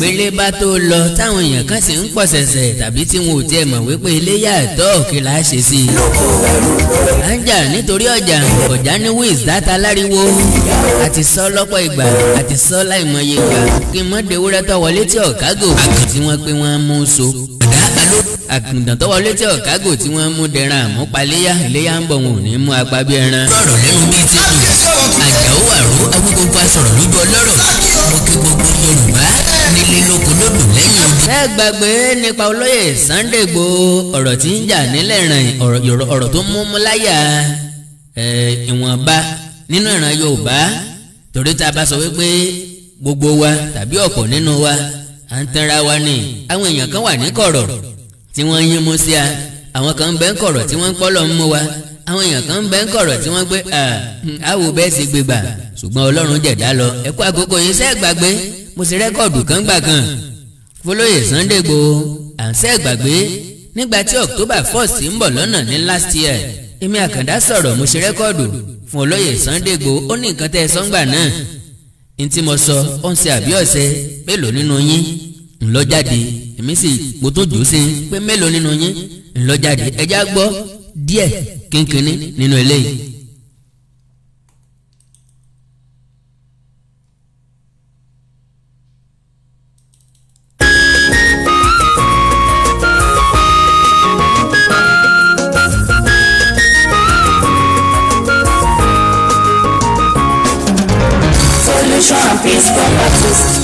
pélé bá tó lọ táwọn èèyàn kan sì ń pọ̀ ṣẹ̀ṣẹ̀ tàbí tí wọn ò tiẹ̀ mọ̀ wípé iléyà ẹ̀tọ́ òkè là á ṣe sí i. à ń jà nítorí ọjà ọjà ní wíìs dáta láriwo àti sọ lọ́pọ̀ ìgbà àti sọ láìmọye ìgbà kí n mọ̀ dewúrẹ́ wọlé tí ọ̀kágò àkàtí wọn pé wọ́n mú so àgùntàn tó wọlé tí tí wọ́n mú dẹran àmúpaléyà iléyà ń bọ̀ wọn ò ní mú apá bí ẹran. sọ̀rọ̀ lẹ́nu bíi tẹ́lẹ̀ àjàó àrò agbègbè pa sọ̀rọ̀ lójú ọlọ́rọ̀ mo kí gbogbo Yorùbá nílé lóko lódò lẹ́yìn odi. bẹ́ẹ̀ gbàgbé nípa olóyè Sunday Igboho ọ̀rọ̀ tí ń jà nílẹ̀ rìn ọ̀rọ̀ tó mú mú láyà ìwọ̀nba nínú ìran Yorùbá torí tá a bá sọ wípé gbogbo wa tàbí ọ̀pọ̀ nínú wa à ń tanra wa ni àwọn èèyàn kan wà ní kọ̀rọ̀ tí wọ́n ń yín mú sí a àwọn kan ń bẹ ń kọ̀rọ̀ tí wọ́n ń pọ́lọ̀ ń mú wa àwọn èèyàn kan ń bẹ ń kọ̀rọ̀ tí wọ́n gbé àwò bẹ́ẹ̀ sì gbégbà ṣùgbọ́n Ọlọ́run jẹ̀dá lọ ẹ kú yín sẹ́ẹ̀ gbàgbé mo sì rẹ́kọ̀dù kan gbà kan fọlọ́yè Sunday Igboho à ń sẹ́ gbàgbé nígbà tí October 1 ń bọ̀ lọ́nà ní last year èmi àkàndá sọ̀rọ̀ mo ṣe rẹ́kọ̀dù fún olóyè Sunday Igboho ó ní nǹkan tẹ́ ẹ sọ́ngbà náà n tí mo sọ ó ń ṣe àbí ọ̀sẹ̀ mélòó nínú yín ńlọ jáde èmi sì mo tún jù ú sí pé mélòó nínú yín ńlọ jáde ẹjá gbọ́ díẹ̀ kínkínní nínú eléyìí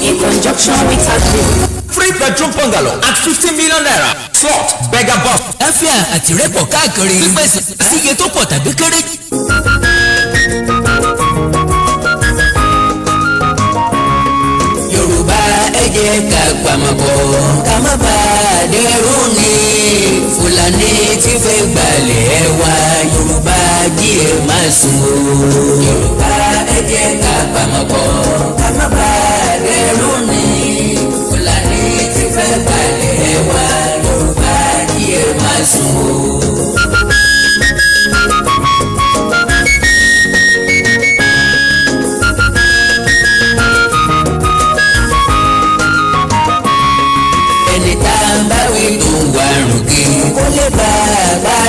in conjunction with agri. Three bedroom bungalow at fifteen million naira. Slot Bega Bus. Láfíà àtìrẹ́pọ̀ káàkiri. Pípèsè sí iye tó pọ̀ tàbí kéré. Yorùbá ẹ jẹ́ ká pamọ́ ká má bà á ni. Fúlàní ti fẹ́ gbalẹ̀ ẹ wá Yorùbá jí ẹ má sùn o. Yorùbá ẹ jẹ́ ká pamọ́ ká má bà ẹlẹ́rú ni fúlàní ti fẹ́ balẹ̀ wá yorùbá ni ẹ má sùn o. bàbá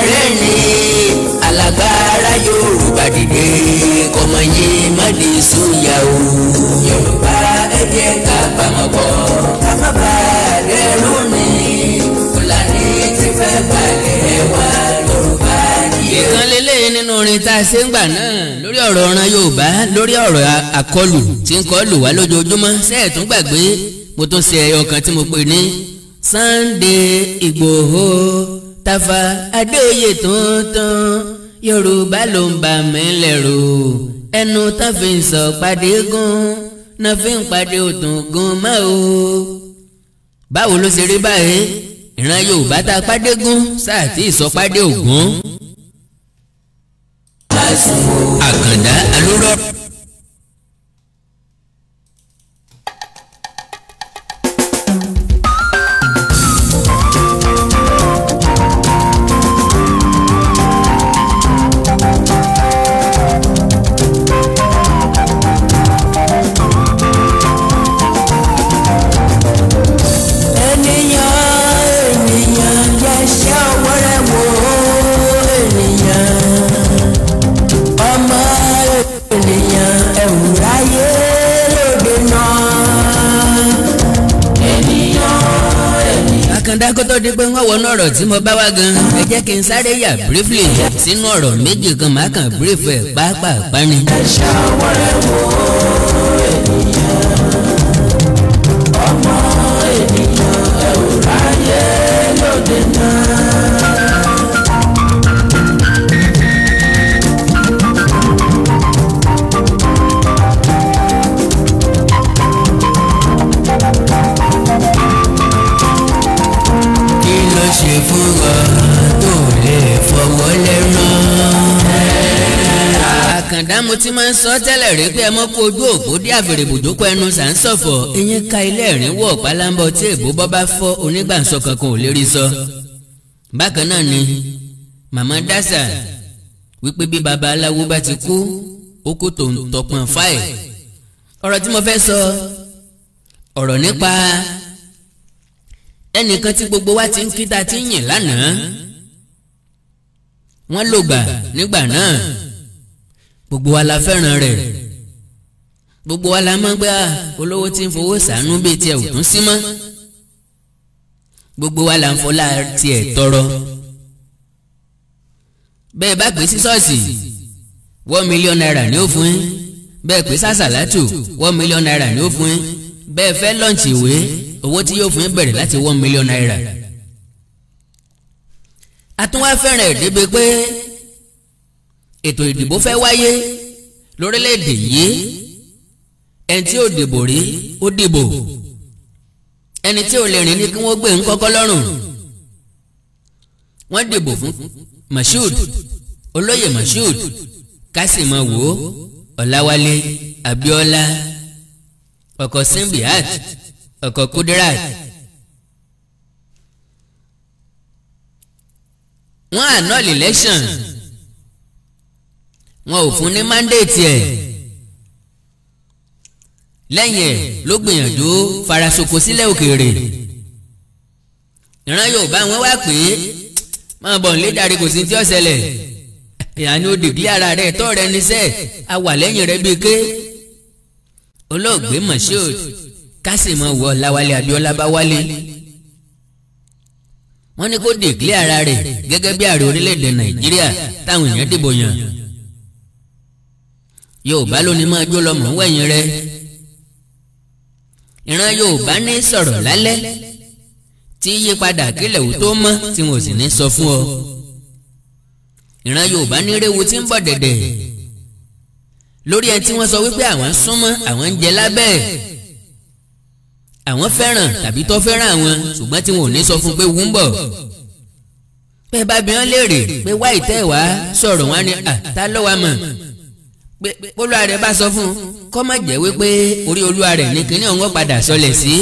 rẹ̀ ni alágbára Yorùbá dìde kọ́mọ yé má lè sóyà o jẹ́ ká pamọ́ pọ̀ ká má bà á dẹrù ti fẹ́ balẹ̀ wá yorùbá nìyẹn. ìkan lélẹ́yìn nínú orin tá a ṣe ń gbà náà lórí ọ̀rọ̀ ọ̀ràn yorùbá lórí ọ̀rọ̀ àkọlù tí ń kọ́ lù wá lójoojúmọ́ sẹ́ẹ̀ gbàgbé mo tún ṣe ẹyọ kan tí mo pè ní Sunday Igboho Tafa Adéoyè tuntun yorùbá ló ń bà mí lẹ́rù ẹnu tó fi ń sọ pàdé gùn Na fi ń pàdé òtún gan mọ́ o. báwo ló ṣe rí báyìí ìran Yorùbá tá a pàdé gún sáà ìsọpàdé ògún. Àkàndá alúrọ̀. tó di pé wọ́n wọnú ọ̀rọ̀ tí mo bá wá gan ẹ jẹ́ kí n sáré yà briefly sínú ọ̀rọ̀ méjì kan máa kàn brief ẹ̀ pápá pani. ẹ ṣàwọ̀rẹ̀ wò ó. mo ti máa ń sọ tẹ́lẹ̀ rí pé ẹ mọ́ kó ojú ògbó dé àfèrè bùjókòó ẹnu sàǹsọ̀fọ̀ ìyẹn ka ilé ẹ̀rín wọ̀ pálábọ̀ tí èbó bọ́ bá fọ́ onígbàǹsọ kankan ò lè rí sọ. bákan náà ni màmá dásà wípé bí baba aláwo bá ti kú ó kó tó ń tọpọn fáì. ọ̀rọ̀ tí mo fẹ́ sọ ọ̀rọ̀ nípa ẹnìkan tí gbogbo wa ti ń kí ta ti ń yìn lánàá wọ́n lògbà nígbà náà gbogbo wa la fẹ́ràn rẹ̀ gbogbo wa la máa gbé ah, olówó tí ń fowó sànú bíi tiẹ̀ ò tún sí mọ́ gbogbo wa la ń fọlá tiẹ̀ tọrọ bẹ́ẹ̀ bá gbé sí ṣọ́ọ̀ṣì one million naira ni ó fún yín bẹ́ẹ̀ pé sásàlátù one million naira ni ó fún yín bẹ́ẹ̀ fẹ́ lọ́ǹchì ìwé owó tí yóò fún yín bẹ̀rẹ̀ láti one million naira. àtúnwá fẹ́ràn ẹ̀ débi pé ètò ìdìbò fẹ́ wáyé lórílẹ̀‐èdè yìí ẹni tí ò dìbò rí ó dìbò ẹni tí ò lè rìn ní kí wọ́n gbé ń kọ́kọ́ lọ́rùn wọ́n dìbò fún Mashood olóyè Mashood kásìmọ̀ wò ó Ọláwálé Abíọ́lá ọkọ̀ Simbiat ọkọ̀ Kudirat wọ́n annul election. election wọn ò fún ní mandate ẹ̀ lẹ́yìn ẹ̀ ló gbìyànjú farasoko sílẹ̀ òkèèrè ìran Yorùbá wọn wá pé máa bọ̀ nílé darí kò sí tí ó ṣẹlẹ̀ ìyàní ó dìgbì ara rẹ̀ tọ́ rẹ níṣẹ́ a wà lẹ́yìn rẹ̀ bíi ké olóògbé Moshood kásìmọ̀ wọ Láwálé Abíọ́lá bá wálé wọ́n ní kó dìgbì ara rẹ̀ gẹ́gẹ́ bí ààrẹ orílẹ̀-èdè Nàìjíríà táwọn èèyàn dìbò yàn yorùbá ló ní máa jó lọ mọ̀ wẹ̀yìn rẹ ìran yorùbá ní sọ̀rọ̀ lálẹ́ tí yípadà kílẹ̀ wò tó mọ́ tí wọn ò sì ní sọ fún ọ ìran yorùbá ní réwu tí ń bọ̀ dẹ̀dẹ̀ lórí ẹni tí wọ́n sọ wípé àwọn ń súnmọ́ àwọn ń jẹ lábẹ́ ẹ̀ àwọn fẹ́ràn tàbí tó fẹ́ràn àwọn ṣùgbọ́n tí wọn ò ní sọ fún pé wù ń bọ̀ pé bá wọn léèrè pé wáyé wàá sọ̀rọ̀ wọn ni àtàlọ́wàá mọ̀ pé olúwa rẹ̀ bá sọ fún un kó má jẹ́ wípé orí olúwa rẹ̀ ní kíní ọ̀hún padà sọlẹ̀ sí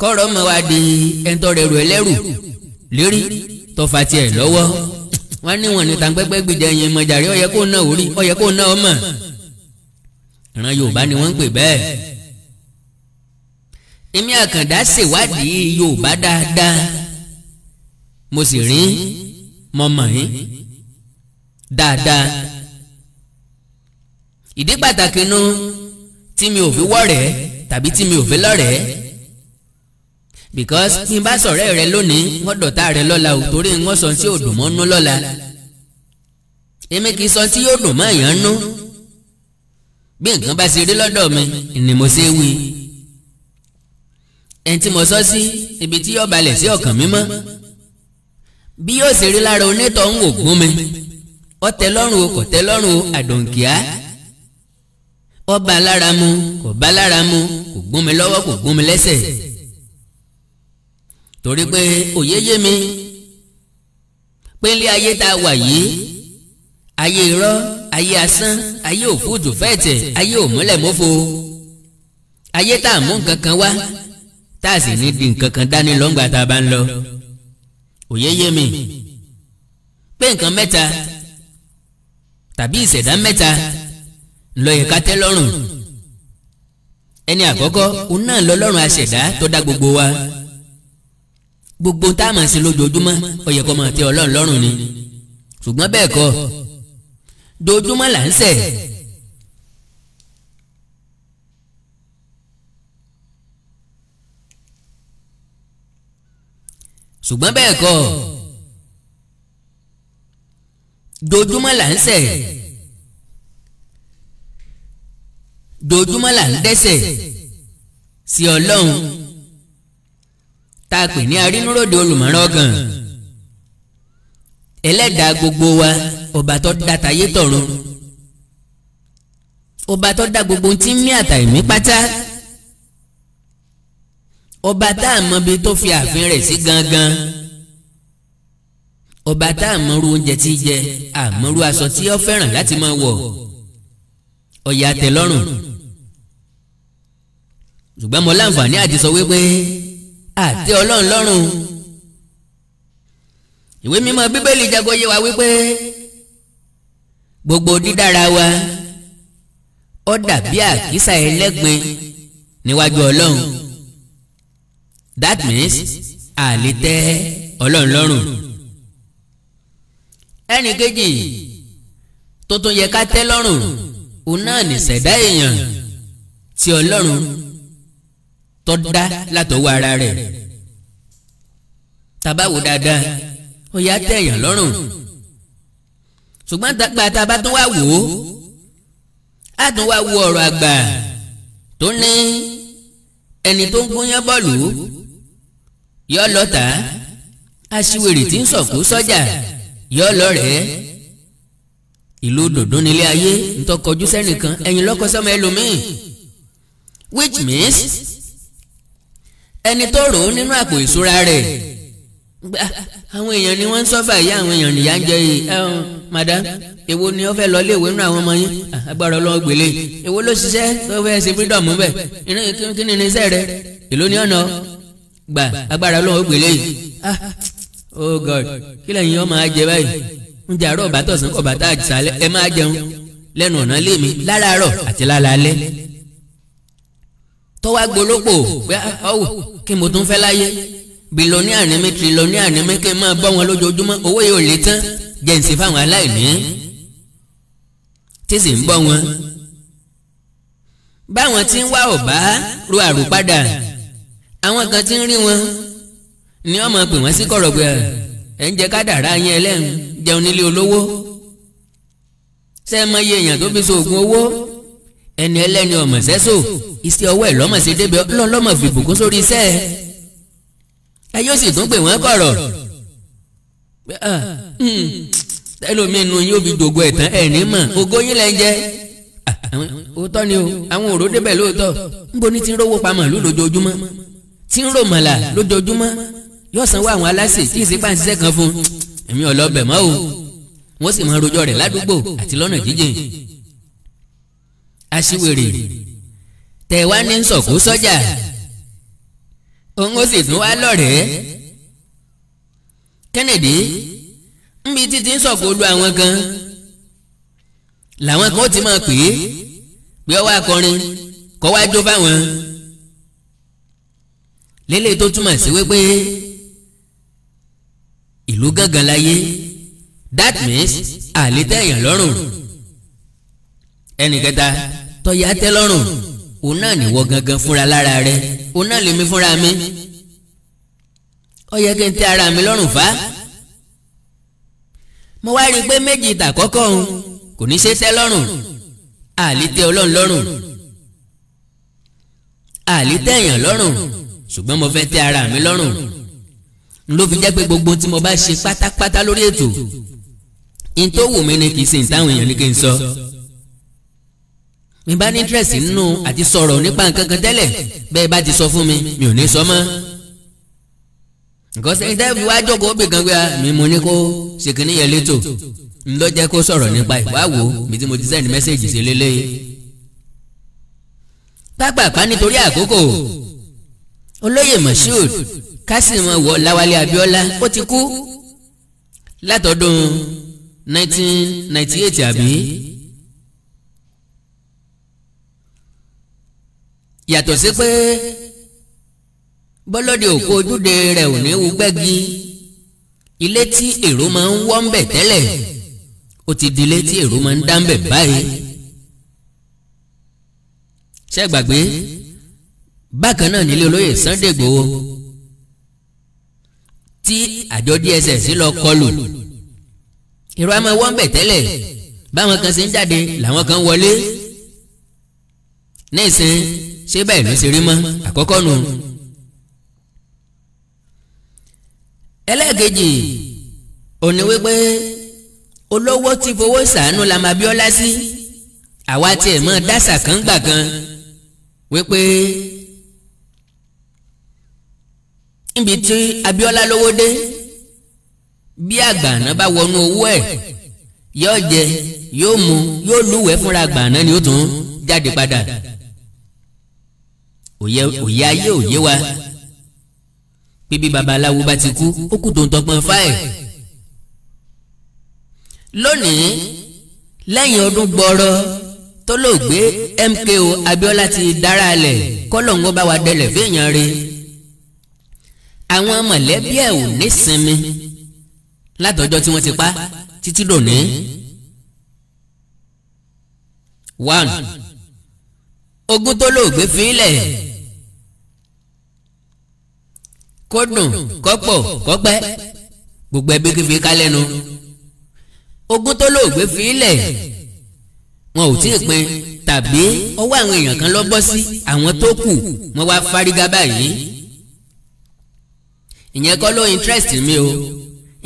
kọ́rọ̀ mọ́ wa di ẹ̀ńtọ́ rẹ̀ rù ẹlẹ́rù lérí tọ́fà tiẹ̀ lọ́wọ́ wọ́n ní wọ́n ní tàǹpẹ́pẹ́ gbèjà ẹ̀yìn mọ̀jàrí ó yẹ kó ná orí ó kó ná ọmọ ìran yorùbá ni wọ́n ń pè bẹ́ẹ̀ èmi àkàndá ṣèwádìí yorùbá dáadáa mo sì rí mọ̀mọ́ yín dáadáa ìdí pàtàkì nu tí mi ò fi wọ̀rẹ́ tàbí tí mi ò fi lọ́rẹ́ because tí n bá sọ̀rẹ́ rẹ lónìí wọ́n dọ̀tá rẹ lọ́la ò torí wọ́n sọ tí ò dùn mọ́ nú lọ́la èmi kì í sọ tí yóò dùn mọ́ èèyàn nú bí nǹkan bá ṣe rí lọ́dọ̀ mi ni mo ṣe wí ẹni tí mo sọ sí ibi tí yóò balẹ̀ sí ọkàn mi mọ́ bí yóò ṣe rí lára onítọ̀ ń wò gún mi ọ̀tẹ̀ lọ́rùn o kò tẹ́ lọ́rùn o àdùnkìá ó bá lára mu kò bá lára mu kò gún mi lọ́wọ́ kò gún mi lẹ́sẹ̀ torí pé òye yé mi pé ilé ayé tá a wà yìí ayé irọ́ ayé asán ayé òfúùtù fẹ́ẹ̀tẹ̀ ayé òmúlẹ̀mófo ayé tá a mú nǹkan kan wá tá a sì ní di nǹkan kan dání lọ́ngbà tá a bá ń lọ òye yé mi pé nǹkan mẹ́ta tàbí ìṣẹ̀dá mẹ́ta lọ́yẹ̀ ká tẹ́ lọ́rùn ẹni àkọ́kọ́ òun náà lọ́lọ́run aṣẹ̀dá tó dá gbogbo wa gbogbo tá a máa ṣe lójoojúmọ́ ó yẹ kó máa ọlọ́run lọ́rùn ni ṣùgbọ́n bẹ́ẹ̀ kọ́ dojúmọ́ là ń ṣẹ̀ ṣùgbọ́n bẹ́ẹ̀ kọ́ dojúmọ́ là ń ṣẹ̀. dojúmọ́ là ń dẹ́sẹ̀ sí ọlọ́run tá a pè ní arínúròde olùmọ̀ràn ọkàn ẹlẹ́dàá gbogbo wa ọba tó dá tayé tọ̀run ọba tó dá gbogbo tí ń mí àtàìmí pátá ọba tá a mọ bí tó fi ààfin rẹ̀ sí gangan ọba tá a mọ ru oúnjẹ tí jẹ àmọ́ru aṣọ tí ó fẹ́ràn láti máa wọ̀ ọ̀yà tẹ́lọ́rùn ṣùgbọ́n mo láǹfààní àti sọ wípé àti ọlọ́run lọ́rùn ìwé mímọ́ bíbélì jago yé wa wípé gbogbo dídára wa ó dàbí àkísà ẹlẹ́gbin níwájú ọlọ́run that means àlè tẹ́ ọlọ́run lọ́rùn ẹnì kejì tó tún yẹ ká tẹ́ lọ́rùn òun náà nìṣẹ̀dá èèyàn tí ọlọ́run tọ́dá látọwọ́ ara rẹ̀ tabawo dáadáa ó yá tẹ̀yàn lọ́rùn ṣùgbọ́n tàgbà tàbá tún wá wò ó á tún wá wo ọ̀rọ̀ àgbà tó ní ẹni tó ń gúnyán bọ́ọ̀lù yọ lọ́tà aṣiwèrè tí ń sọ̀kú sọ́jà yọ lọ́rẹ̀ẹ́ ìlú dòdún nílé ayé ń tọkọjú sẹ́nìkan ẹ̀yìn lọ́kọ sọ́mọ ẹlòmíì which means ẹni tó rò ó nínú àpò ìṣúra rẹ̀ àwọn èèyàn ni wọ́n ń sọ́fà yìí àwọn èèyàn nìyà ń jẹ ẹ̀hún madam èwo ni ó fẹ́ lọ ilé ìwé nínú àwọn ọmọ yín ah, agbára ọlọ́wọ́ gbélé èwo ló ṣiṣẹ́ tó fẹ́ ṣe freedom bẹ̀ kí ni iṣẹ́ rẹ̀ èló ni ọ̀nà gbà agbára ọlọ́wọ́ gbélé yìí ah, oh god kí lẹ́yìn ọmọ ajẹ báyìí àárọ̀ bàtọ̀ kọ̀ bàtà àjẹsà ẹ máa jẹun lẹ́nu ọ̀nà lé mi láràárọ̀ àti tó wá gbolópò pé ọwọ ah, kí mo tún fẹ́ láyé bìlọ́ní ànímí tìlọ́ní ànímí kí n máa bọ́ wọn lójoojúmọ́ owó yìí ò lè tán jẹ̀ǹsì fáwọn aláìní tí sì ń bọ́ wọn. báwọn tí ń wá ọ̀bá ro àròpadà àwọn kan tí ń rí wọn ni wọ́n máa pè wọ́n sí kọ̀rọ̀ pé ah, ẹ̀ ń jẹ kádàrá yẹn ẹlẹ́rìn jẹun nílé olówó ṣé ẹ mọ iye èèyàn tó fi so oògùn owó ẹni ẹlẹ́ni ọ̀mọ̀ sẹ́sò. So iṣẹ́ ọwọ́ ẹ̀ lọ́mọ̀ ṣe débi lọ́mọ̀ fi bùkún sórí iṣẹ́ ẹ̀ ẹ yóò sì tún pè wọ́n kọ̀rọ̀ ah, hmm, ẹlòmínú yóò fi dògo ẹ̀tàn ẹ̀ ní mọ̀ ògo yín lẹ́ ń jẹ́ ah, òótọ́ ni o àwọn òró débẹ̀ lóòótọ́ níbo ni ti ń rówó pamọ́ lójoojúmọ́ tí ń rò mọ̀là lójoojúmọ́ yóò sanwó àwọn aláṣẹ tí ìsìnkú à ń ṣiṣẹ́ kan fún èmi ọ̀lọ́bẹ̀ mọ́ o wọ́n sì máa rojọ́ rẹ̀ ládùúgbò àti lọ́nà jíjìn aṣíwèrè tẹ̀ wá ní sọ̀kú sọ́jà òun ó sì tún wá lọ́rẹ̀ẹ́ Kennedy níbi títí ń sọ̀kú lu àwọn kan làwọn kan ó ti máa pè é pé ọwọ́ akọrin kọ́ wá jó fáwọn lélẹ́yìí tó túmọ̀ sí wípé ìlú gángan láyé that means àlétẹ̀yàn lọ́rùn ẹnì kẹta tọ́yà tẹ́ lọ́rùn òun náà nìwọ gangan fúnra lára rẹ òun náà lèmi fúnra mi ó yẹ kí n tẹ́ ara mi lọ́rùn fá mo wá rí i pé méjì ìtàkọ́kọ́ òun kò ní ṣe tẹ́ lọ́rùn àlítẹ́ ọlọ́run lọ́rùn àlítẹ́ èèyàn lọ́rùn ṣùgbọ́n mo fẹ́ tẹ́ ara mi lọ́rùn n ló fi jẹ́ pé gbogbo tí mo bá ṣe pátápátá lórí ètò n tó ni kì í ṣe ìtàwọn èèyàn ní kí n sọ. So mi bá ní interest nínú àti sọ̀rọ̀ nípa nǹkan kan tẹ́lẹ̀ bẹ́ẹ̀ bá ti sọ fún mi mi ò ní sọ mọ́ nǹkan sẹ́yìn tẹ́lẹ̀ fi wá jókòó bì kan pé ah, mi mo ní kó ṣe yẹn létò ń lọ jẹ́ kó sọ̀rọ̀ nípa ìwà mi tí mo ti send message sí lélẹ́yìí pápápá nítorí àkókò olóyè Moshood kásìmọ̀ wọ Láwálé Abíọ́lá ó ti kú látọdún 1998 àbí. yàtọ̀ sí pé bọ́lọ́dẹ òkú ojúde rẹ̀ ò ní wúgbẹ́gi ilé tí èrò máa ń wọ́ ń bẹ̀ tẹ́lẹ̀ ó ti di ilé tí èrò máa ń dá ń bẹ̀ báyìí ṣé gbàgbé bákan náà nílé olóyè Sunday tí àjọ DSS lọ kọlù èrò àmọ́ wọ́n bẹ̀ tẹ́lẹ̀ báwọn kan ṣe ń jáde làwọn kan wọlé nísìnyí ṣé báyìí ló ṣe rí mọ́ àkọ́kọ́ nù. ẹlẹ́ẹ̀kejì òní wípé olówó ti fowó sàánú la máa bíọ́lá sí àwa tiẹ̀ mọ́ dásà kan gbà kan wípé níbi tí Abíọ́lá lówó dé bí àgbàná bá wọnú owó ẹ̀ yóò jẹ yóò mu yóò lúwẹ̀ẹ́ fúnra àgbàná ni ó tún jáde padà òye òye ayé òye wa pé bí babaláwo bá ti kú ó kù tó ń tọpọn fáì lónìí lẹ́yìn ọdún gbọ́rọ́ tólóògbé MKO Abiola ti dára lẹ̀ kọ́lọ́ǹgọ́ bá wa dẹlẹ̀ fẹ́yàn re àwọn mọ̀lẹ́bí ẹ̀ ò ní sinmi látọjọ́ tí wọ́n ti pa títí dòní. one ogún tólóògbé fi kó dùn kó pọ̀ kó pẹ́ gbogbo ẹbí kìí fi kálẹ̀ nu ogún tó lóògbé fi ilẹ̀ wọn ò tí ì pin tàbí ọwọ́ àwọn èèyàn kan lọ́ bọ́ sí àwọn tó kù wọn wá fárígá báyìí ìyẹn kọ́ ló interest mi o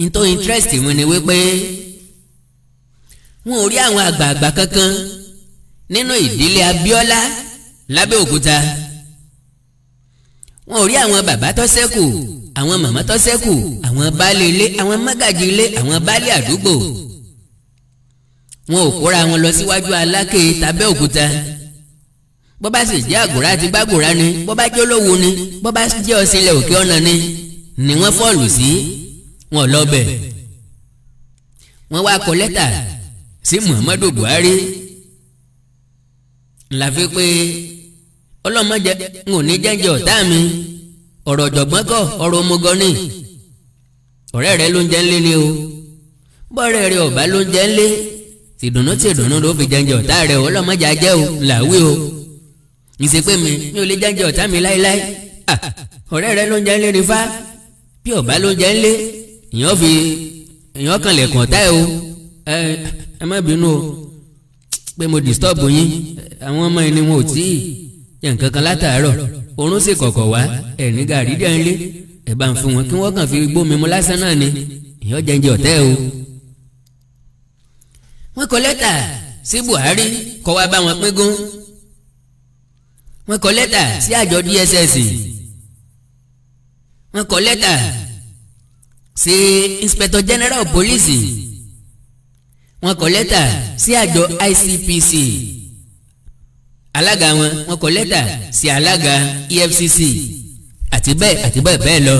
n tó interest mi ni wípé wọn ò rí àwọn àgbààgbà kankan nínú ìdílé Abíọ́lá lábẹ́òkúta. La wọn ò rí àwọn bàbá tó ṣẹ́kù àwọn màmá tó ṣẹ́kù àwọn baálé ilé àwọn mágàjì ilé àwọn baálé àdúgbò wọn ò kóra wọn lọ síwájú aláké tàbẹ́ òkúta bó bá sì jẹ́ àgùrá àti gbàgùrá ni bó bá jẹ́ olówó ni bó bá jẹ́ ọ̀sìnlẹ̀ òkè ọ̀nà ni ni wọ́n fọ́ọ̀lù sí wọn lọ wọ́n wá kọ lẹ́tà sí Muhammadu Buhari la fi pé ọlọ́mọdé ń ò ní jẹ́ǹjẹ́ ọ̀tá mi ọ̀rọ̀ ọ̀jọ̀gbọ́n kọ́ ọ̀rọ̀ omugan ni ọ̀rẹ́ rẹ ló ń jẹ́ ńlé ni o bọ́ọ̀rẹ́ rẹ ọ̀bá ló ń jẹ́ ńlé tìdùnnú tìdùnnú ló fi jẹ́ǹjẹ́ ọ̀tá rẹ ọlọ́mọdé ajẹ́ o làwí o ìsèpè mi mi ò lè jẹ́ǹjẹ́ ọ̀tá mi láéláé ah, ọ̀rẹ́ rẹ ló ń jẹ́ ńlé ni fá bí ọ̀bá ló ń jẹ́ ńlé èèyàn fi èèyàn kan lẹ̀kùn ọ̀tá ẹ o ẹ ẹ má bínú o pé mo disturb yín àwọn ọmọ yìí ni wọn ò tíì nǹkan kan látàárọ̀ oorun sì kọ̀kọ̀ wá ẹ̀rín gàrí dẹ̀ ń lé ẹ̀ bá ń fún wọn kí wọ́n kàn fi gbómi mu lásán náà ni ìyọ́ jẹ́njẹ́ ọ̀tẹ́ o. wọ́n kọ lẹ́tà sí Buhari kọ́ wa bá wọn pín gún wọ́n kọ lẹ́tà sí àjọ DSS wọ́n kọ lẹ́tà sí inspector general police wọ́n kọ lẹ́tà sí àjọ ICPC alága wọn wọn kọ lẹ́tà sí alága EFCC àti bẹ́ẹ̀ àti bẹ́ẹ̀ bẹ́ẹ̀ lọ.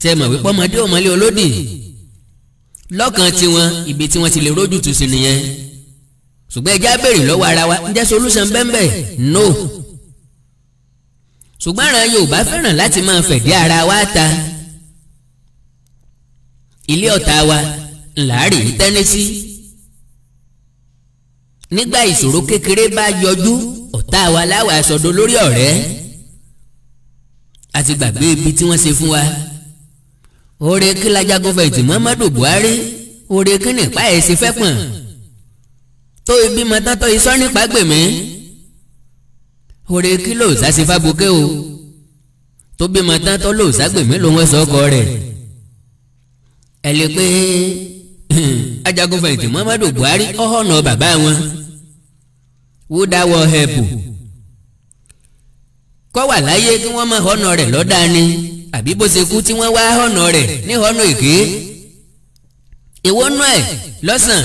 tẹ mọ̀ wípé ọmọdé ọmọlé olódì lọ́kàn tiwọn ibi tí wọ́n ti lè rójú tù sí nìyẹn ṣùgbọ́n ẹjẹ́ abèrè lọ́wọ́ ara wa ǹjẹ́ solution bẹ́ẹ̀ no ṣùgbọ́n àwọn Yorùbá fẹ́ràn láti máa fẹ̀dí ara wa ta ilé ọ̀tá wa làárì ń tẹ́ni sí. nígbà ìṣòro kékeré bá yọjú ọ̀tá wa láwàá sọ̀dọ̀ lórí ọ̀rẹ́ àti gbàgbé ibi tí wọ́n ṣe fún wa. oore kí lajagun fẹ̀yìntì Muhammadu Buhari oore kí nípa ẹ̀ ṣe fẹ́ pọ̀n tó ibi mọ tán tó iṣọ́ nípa gbèmí oore kí ló sá ṣe fábùkẹ́ o tó bímọ tán tó ló sá gbèmí lòun ẹ̀ sọ́kọ rẹ̀ ẹ̀ lè pé. Hmm. ajagun muhammadu buhari ọ̀họ́nà bàbá wọn wó dáwọ́ hẹ́ẹ̀bù kọ́ wà láyé kí wọ́n máa họ́nà rẹ̀ lọ́dà ni àbí bó ṣe kú tí wọ́n wá họ́nà rẹ̀ ní họ́nà èké ìwọ ẹ̀ lọ́sàn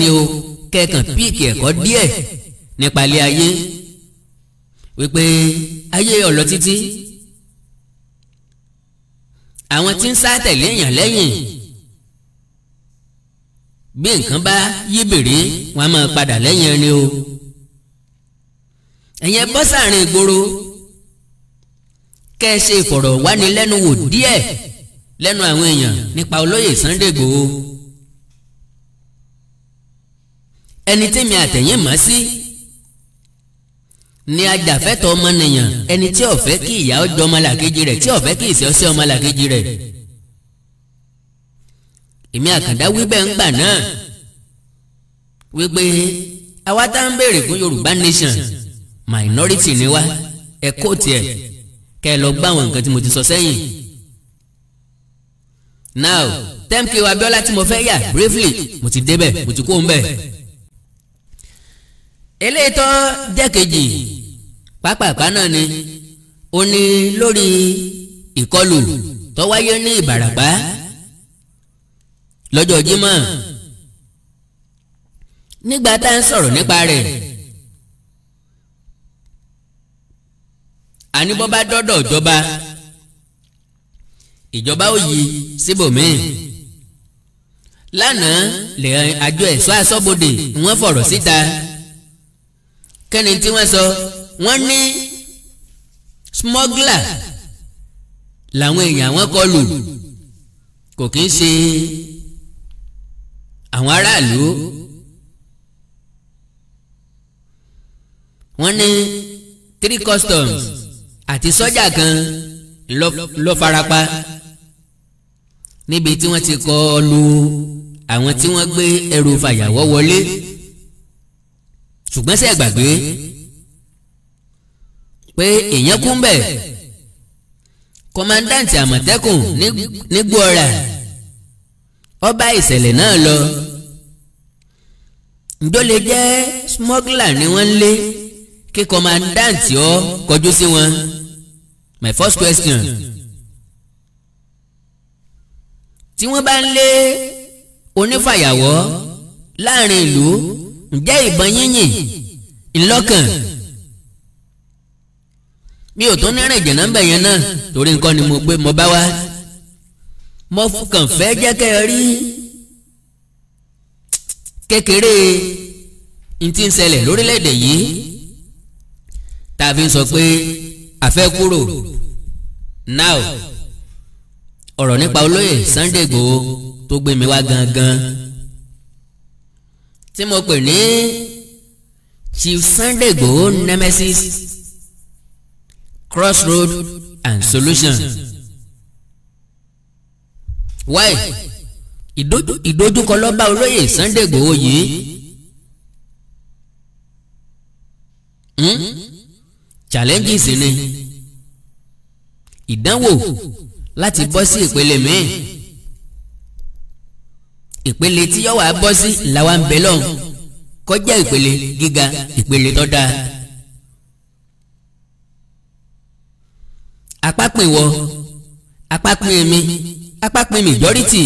ni o píìkì ẹ̀kọ́ díẹ̀ nípa ilé ayé wípé ayé ọ̀lọ́ àwọn tí ń sá tẹ̀lé èèyàn lẹ́yìn bí nǹkan bá yí bèrè wọn a máa padà lẹ́yìn ẹni o ẹ̀yẹn bọ́ sáàrin ìgboro kẹ́ ẹ ṣe ìfọ̀rọ̀wánilẹ́nuwò díẹ̀ lẹ́nu àwọn èèyàn nípa olóyè Sunday Igboho ẹni tí mi àtẹ̀yìn mọ̀ sí. Si ní ajàfẹ́tọ̀ ọmọnìyàn ẹni tí ó fẹ́ kí ìyá ọjọ́ ọmọlàkejì rẹ̀ tí ó fẹ́ kí ìṣẹ́ ọsẹ́ ọmọlàkejì rẹ̀ èmi àkàndá wí ń gbà náà wípé àwa tá ń béèrè fún Yorùbá nation minority ni wá ẹ e e. kó tiẹ̀ kẹ lọ gbá àwọn nǹkan tí mo ti sọ sẹ́yìn now tẹ́ǹkì Abíọ́lá tí mo fẹ́ yà briefly mo ti débẹ̀ mo ti kó ń bẹ̀ eléyìí tó jẹ́ kejì pápápá náà ni ó ní lórí ìkọlù tó wáyé ní Ìbàràpá lọ́jọ́ Jímọ̀ nígbà tá à ń sọ̀rọ̀ nípa rẹ̀ àní bọ́ bá dọ́dọ̀ ìjọba ìjọba ò yí síbòmíì lánàá lè àjọ ẹ̀ṣọ́ aṣọ́bodè wọ́n fọ̀rọ̀ síta. Si kẹ́ni tí wọ́n sọ wọ́n ní smuggler làwọn èèyàn wọn kọlù kò kí ń ṣe àwọn aráàlú wọ́n ní three customs àti sọ́jà kan ló farapa níbi tí wọ́n ti kọ lu àwọn tí wọ́n gbé ẹrù fàyàwọ́ wọlé ṣùgbọ́n ṣe gbàgbé pé èèyàn kú mbẹ̀ kọmandáǹtì àmọ̀tẹ́kùn nígbòòrà ọba ìṣẹ̀lẹ̀ náà lọ ǹdó lè jẹ́ smuggler ni wọ́n ń lé kí kọmandáǹtì ọ kọjú sí wọn my first question tí wọ́n bá ń lé onífàyàwọ́ láàrin ìlú ǹjẹ́ ìbọn yínyìn ńlọ́kàn mi ò tún ní rìn jìnnà bẹ̀ yẹn náà torí nǹkan ni mo gbé mo bá wá mo kàn fẹ́ jẹ́ kẹ́ ẹ rí kékeré n ti ń ṣẹlẹ̀ lórílẹ̀‐èdè yìí tá a fi ń sọ pé àfẹ́ kúrò now ọ̀rọ̀ nípa olóyè Sunday Igboho tó gbé mi wá gangan tí mo pè ní Chief Sunday nemesis crossroad and solution why ìdojúkọ ló bá olóyè Sunday Igboho yìí hmm? challenges ni ìdánwò láti bọ́ sí ìpele míì ìpele tí yóò wá bọ́ sí làwa ń bẹ lọ́hùn kọjá ìpele gíga ìpele tó dáa. apápín wọ apápín mi apápín majority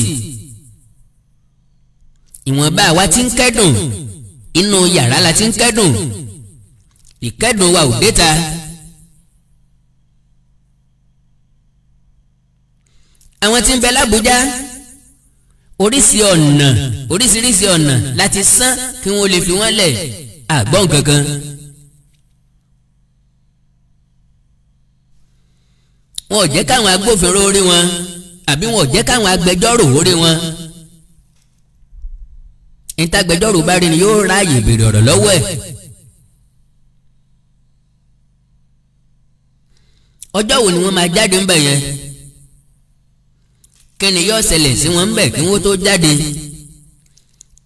ìwọ̀nba àwa ti ń kẹ́dùn inú yàrá la ti ń kẹ́dùn ìkẹ́dùn wa ò déta. àwọn tí ń bẹ lábújá oríṣi ọ̀nà oríṣiríṣi ọ̀nà láti san kí wọ́n lè fi wọ́n lẹ̀ àgbọ̀n kankan. wọn ò jẹ́ káwọn agbófinró rí wọn àbí wọn ò jẹ́ káwọn agbẹjọ́rò rí wọn. ìtagbẹjọ́rò bá rí ni yóò ráàyè béèrè ọ̀rọ̀ lọ́wọ́ ẹ̀. ọjọ́ wo ni wọ́n máa jáde ń bẹ̀ yẹn kíni yóò ṣẹlẹ̀ sí wọn ńbẹ̀ kí wọ́n tó jáde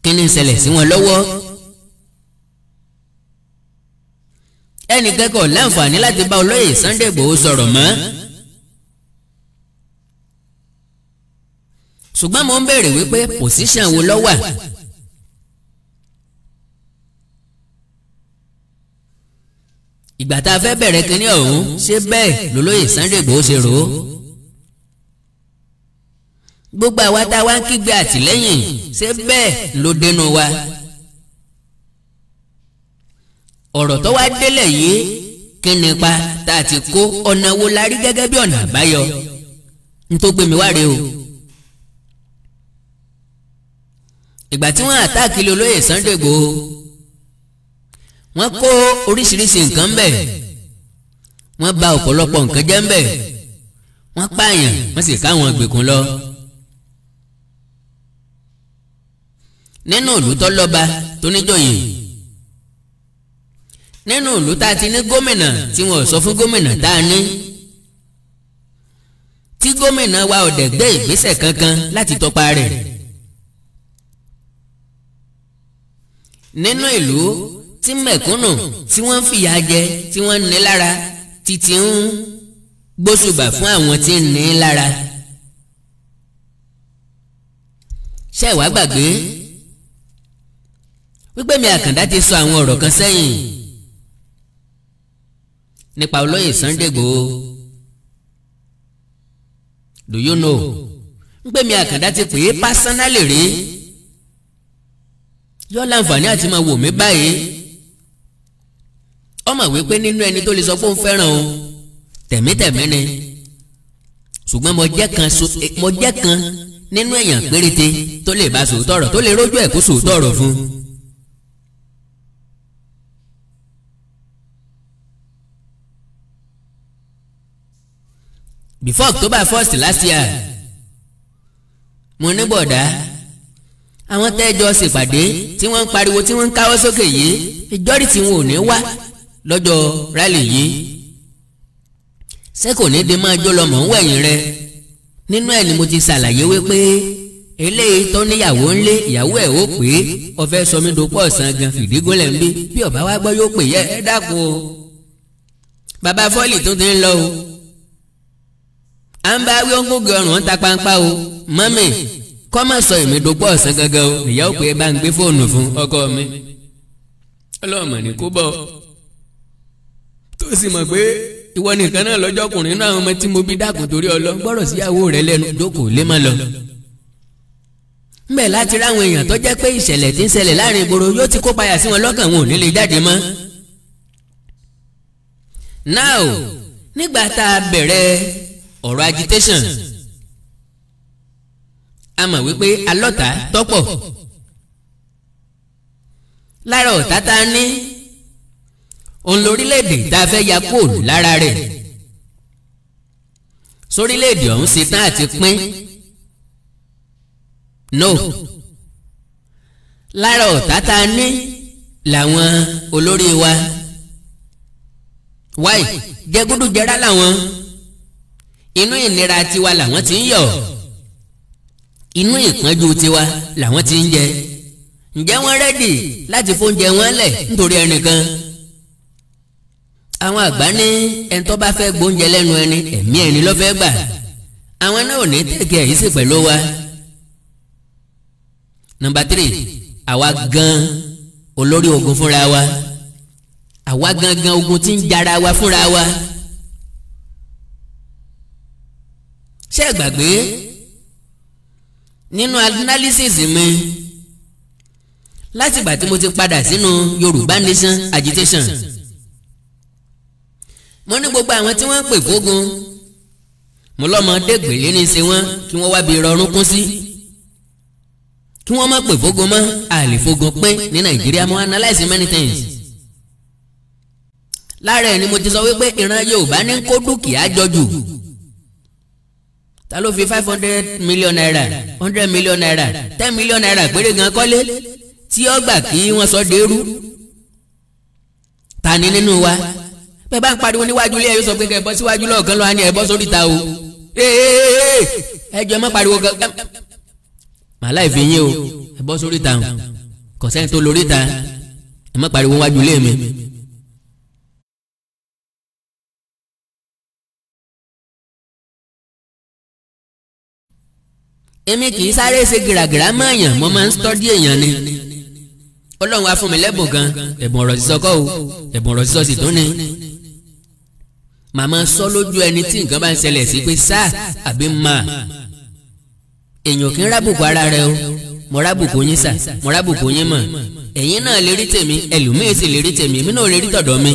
kíni ṣẹlẹ̀ sí wọn lọ́wọ́ ẹnì kẹ́kọ̀ọ́ láǹfààní láti bá olóyè Sunday Igboho sọ̀rọ̀ mọ́ ṣùgbọ́n mo ń béèrè wípé pòsíṣàn wo ló wà ìgbà tá a fẹ́ bẹ̀rẹ̀ kínní ọ̀hún ṣé bẹ́ẹ̀ lolóyè Sunday Igboho ṣe rò ó gbogbo àwa tá a wá ń kígbe àtìlẹ́yìn ṣé bẹ́ẹ̀ ló dénú wa. ọ̀rọ̀ tó wá délẹ̀ yìí kí nípa tá a ti kó ọ̀nà wo la rí gẹ́gẹ́ bí ọ̀nà àbáyọ n tó gbé mi wá rèé o. ìgbà tí wọ́n àtàkì olóyè Sunday wọ́n kó oríṣiríṣi nǹkan mbẹ̀ wọ́n bà ọ̀pọ̀lọpọ̀ nǹkan jẹ́ mbẹ̀ wọ́n pààyàn wọ́n sì káwọn gbèkùn lọ. nínú ìlú tó lọ́ba tó níjòyè nínú ìlú tá a ti ní gómìnà tí wọn sọ fún gómìnà tá a ní tí gómìnà wa ò dẹ̀ gbé ìgbésẹ̀ kankan láti tọpa rẹ̀ nínú ìlú tí mẹ̀kúnnù tí wọ́n ń fìyà jẹ tí wọ́n ń ní lára títí ń gbóṣùbà fún àwọn tí ń ní lára ṣé wàá gbàgbé wípé mi àkàndá ti sọ àwọn ọ̀rọ̀ kan sẹ́yìn nípa olóyè Sunday do you know wípé mi àkàndá ti pè é pásánálì rí yọ láǹfààní àti máa wò mí báyìí ọmọ wípé nínú ẹni tó lè sọ pé òun fẹ́ràn o tẹ̀mítẹ̀mí ni ṣùgbọ́n mo jẹ́ kan mo jẹ́ kan nínú èèyàn péréte tó lè bá sòótọ́ ọ̀rọ̀ tó lè rójú ẹ̀ kó sòótọ́ ọ̀rọ̀ fún un. before October first last year mo ní bọ̀dá àwọn tẹ́jọ́ ṣèpàdé tí wọ́n ń pariwo tí wọ́n ń káwọ́ sókè yìí ìjọ́rì tí wọn ò ní wá lọ́jọ́ rálì yìí ṣé kò ní di máa jó lọ mọ̀ ń wẹ̀yìn rẹ nínú ẹ̀ ni mo ti ṣàlàyé wípé eléyìí tó níyàwó ńlé ìyàwó ẹ̀ ó pé ọ̀fẹ́ sọmídòpọ̀ ọ̀sán gan fìdígúnlẹ̀ ń bí bí ọ̀bá wa gbọ́ yóò pè yẹ ẹ dákun o bàbá fọ́ọ̀lì tó ti ń lọ o à ń bá wí ọ̀ngó gọrùn ún ta pampa o mọ́mì kọ́ má sọ èmi dopọ̀ ọ̀sán gangan o ìyá òpè bá ń gbé fóònù fún ọkọ mi ọlọ́mọ ní kú bọ̀ tó sì mọ̀ pé ìwọ nìkan náà lọ́jọ́kùnrin náà ọmọ tí mo bí dákun torí ọlọ́ gbọ́rọ̀ síyàwó rẹ lẹ́nu dókòó lé má lọ mbẹ láti ráwọn èèyàn tó jẹ́ pé ìṣẹ̀lẹ̀ tí ń ṣẹlẹ̀ láàrin ìgboro yóò ti kó payà sí wọn lọ́kàn wọn ò ní lè jáde mọ́. now nígbà tá a bẹ̀rẹ̀ ọ̀rọ̀ agitation a mọ̀ wípé alọ́ta tọ́pọ̀ lára ọ̀tá tá a ní òun lórílẹ̀‐èdè tá a fẹ́ ya kóòlù lára rẹ̀ sórílẹ̀‐èdè ọ̀hún ṣe tán àti pín no lára ọ̀tá tá a ní làwọn olórí wa wáì jẹgúdú jẹrá làwọn. inú inira tiwa làwọn ti ń yọ inú ìpọ́njú tiwa làwọn ti ń jẹ ǹjẹ́ wọ́n rẹ́dì láti fóúnjẹ wọn lẹ̀ nítorí ẹnìkan àwọn àgbà ní ẹni tó bá fẹ́ gbóúnjẹ lẹ́nu ẹni ẹ̀mí ẹni ló fẹ́ gbà àwọn náà ò ní tẹ̀kẹ́ èyí sì pẹ̀lú wa. nọmba tírì àwa gan olórí ogun fúnra wa àwa gangan ogun ti ń jara wa fúnra wa. Fúnra wa ṣé ẹ gbàgbé nínú analysis mi látìgbà tí mo ti padà sínú Yorùbá Nation agitation mo ní gbogbo àwọn tí wọ́n ń pè fógun mo lọ́mọ dégbèlé ní ṣe wọ́n kí wọ́n wábi rọrùn kún sí kí wọ́n má pè fógun mọ́ àlèfógun pín ní Nàìjíríà mo analyse many things lára ẹ̀ ni mo ti sọ wípé ìran Yorùbá ní kó dúkìá jọjù ta ló fi five hundred million naira hundred million naira ten million naira péré gan kọ́lé tí ó gbà kí wọ́n sọ dẹ́rú ta ni nínú wa bẹ́ẹ̀ bá ń pariwo níwájú ilé ẹ̀yọ́ sọ pé kẹ́ bọ́ síwájú lọ́ọ̀kan lọ́wọ́ ni ẹ̀ bọ́ sórí ta o ẹ jẹ́ mọ́ pariwo gan màlá ìfi yín o ẹ bọ́ sórí ta kọ̀sẹ́ni tó lórí ta ẹ mọ́ pariwo wájú ilé mi. èmi kì í sáré ṣe gìràgìrà mọ́ èèyàn mo máa ń tọ́jú èèyàn ni ọlọ́run á fún mi lẹ́bùn gan ẹ̀bùn ọ̀rọ̀ sísọ kọ́ o ẹ̀bùn ọ̀rọ̀ sísọ sì tún ni màmá sọ lójú ẹni tí nǹkan bá ń ṣẹlẹ̀ sí pé sáà àbí mà èèyàn kì í rábùkù ara rẹ o mo rábùkù yín sà mo rábùkù yín mà ẹ̀yin náà lè rí tèmi ẹlòmíì sì lè rí tèmi èmi náà lè rí tọ̀dọ̀ mi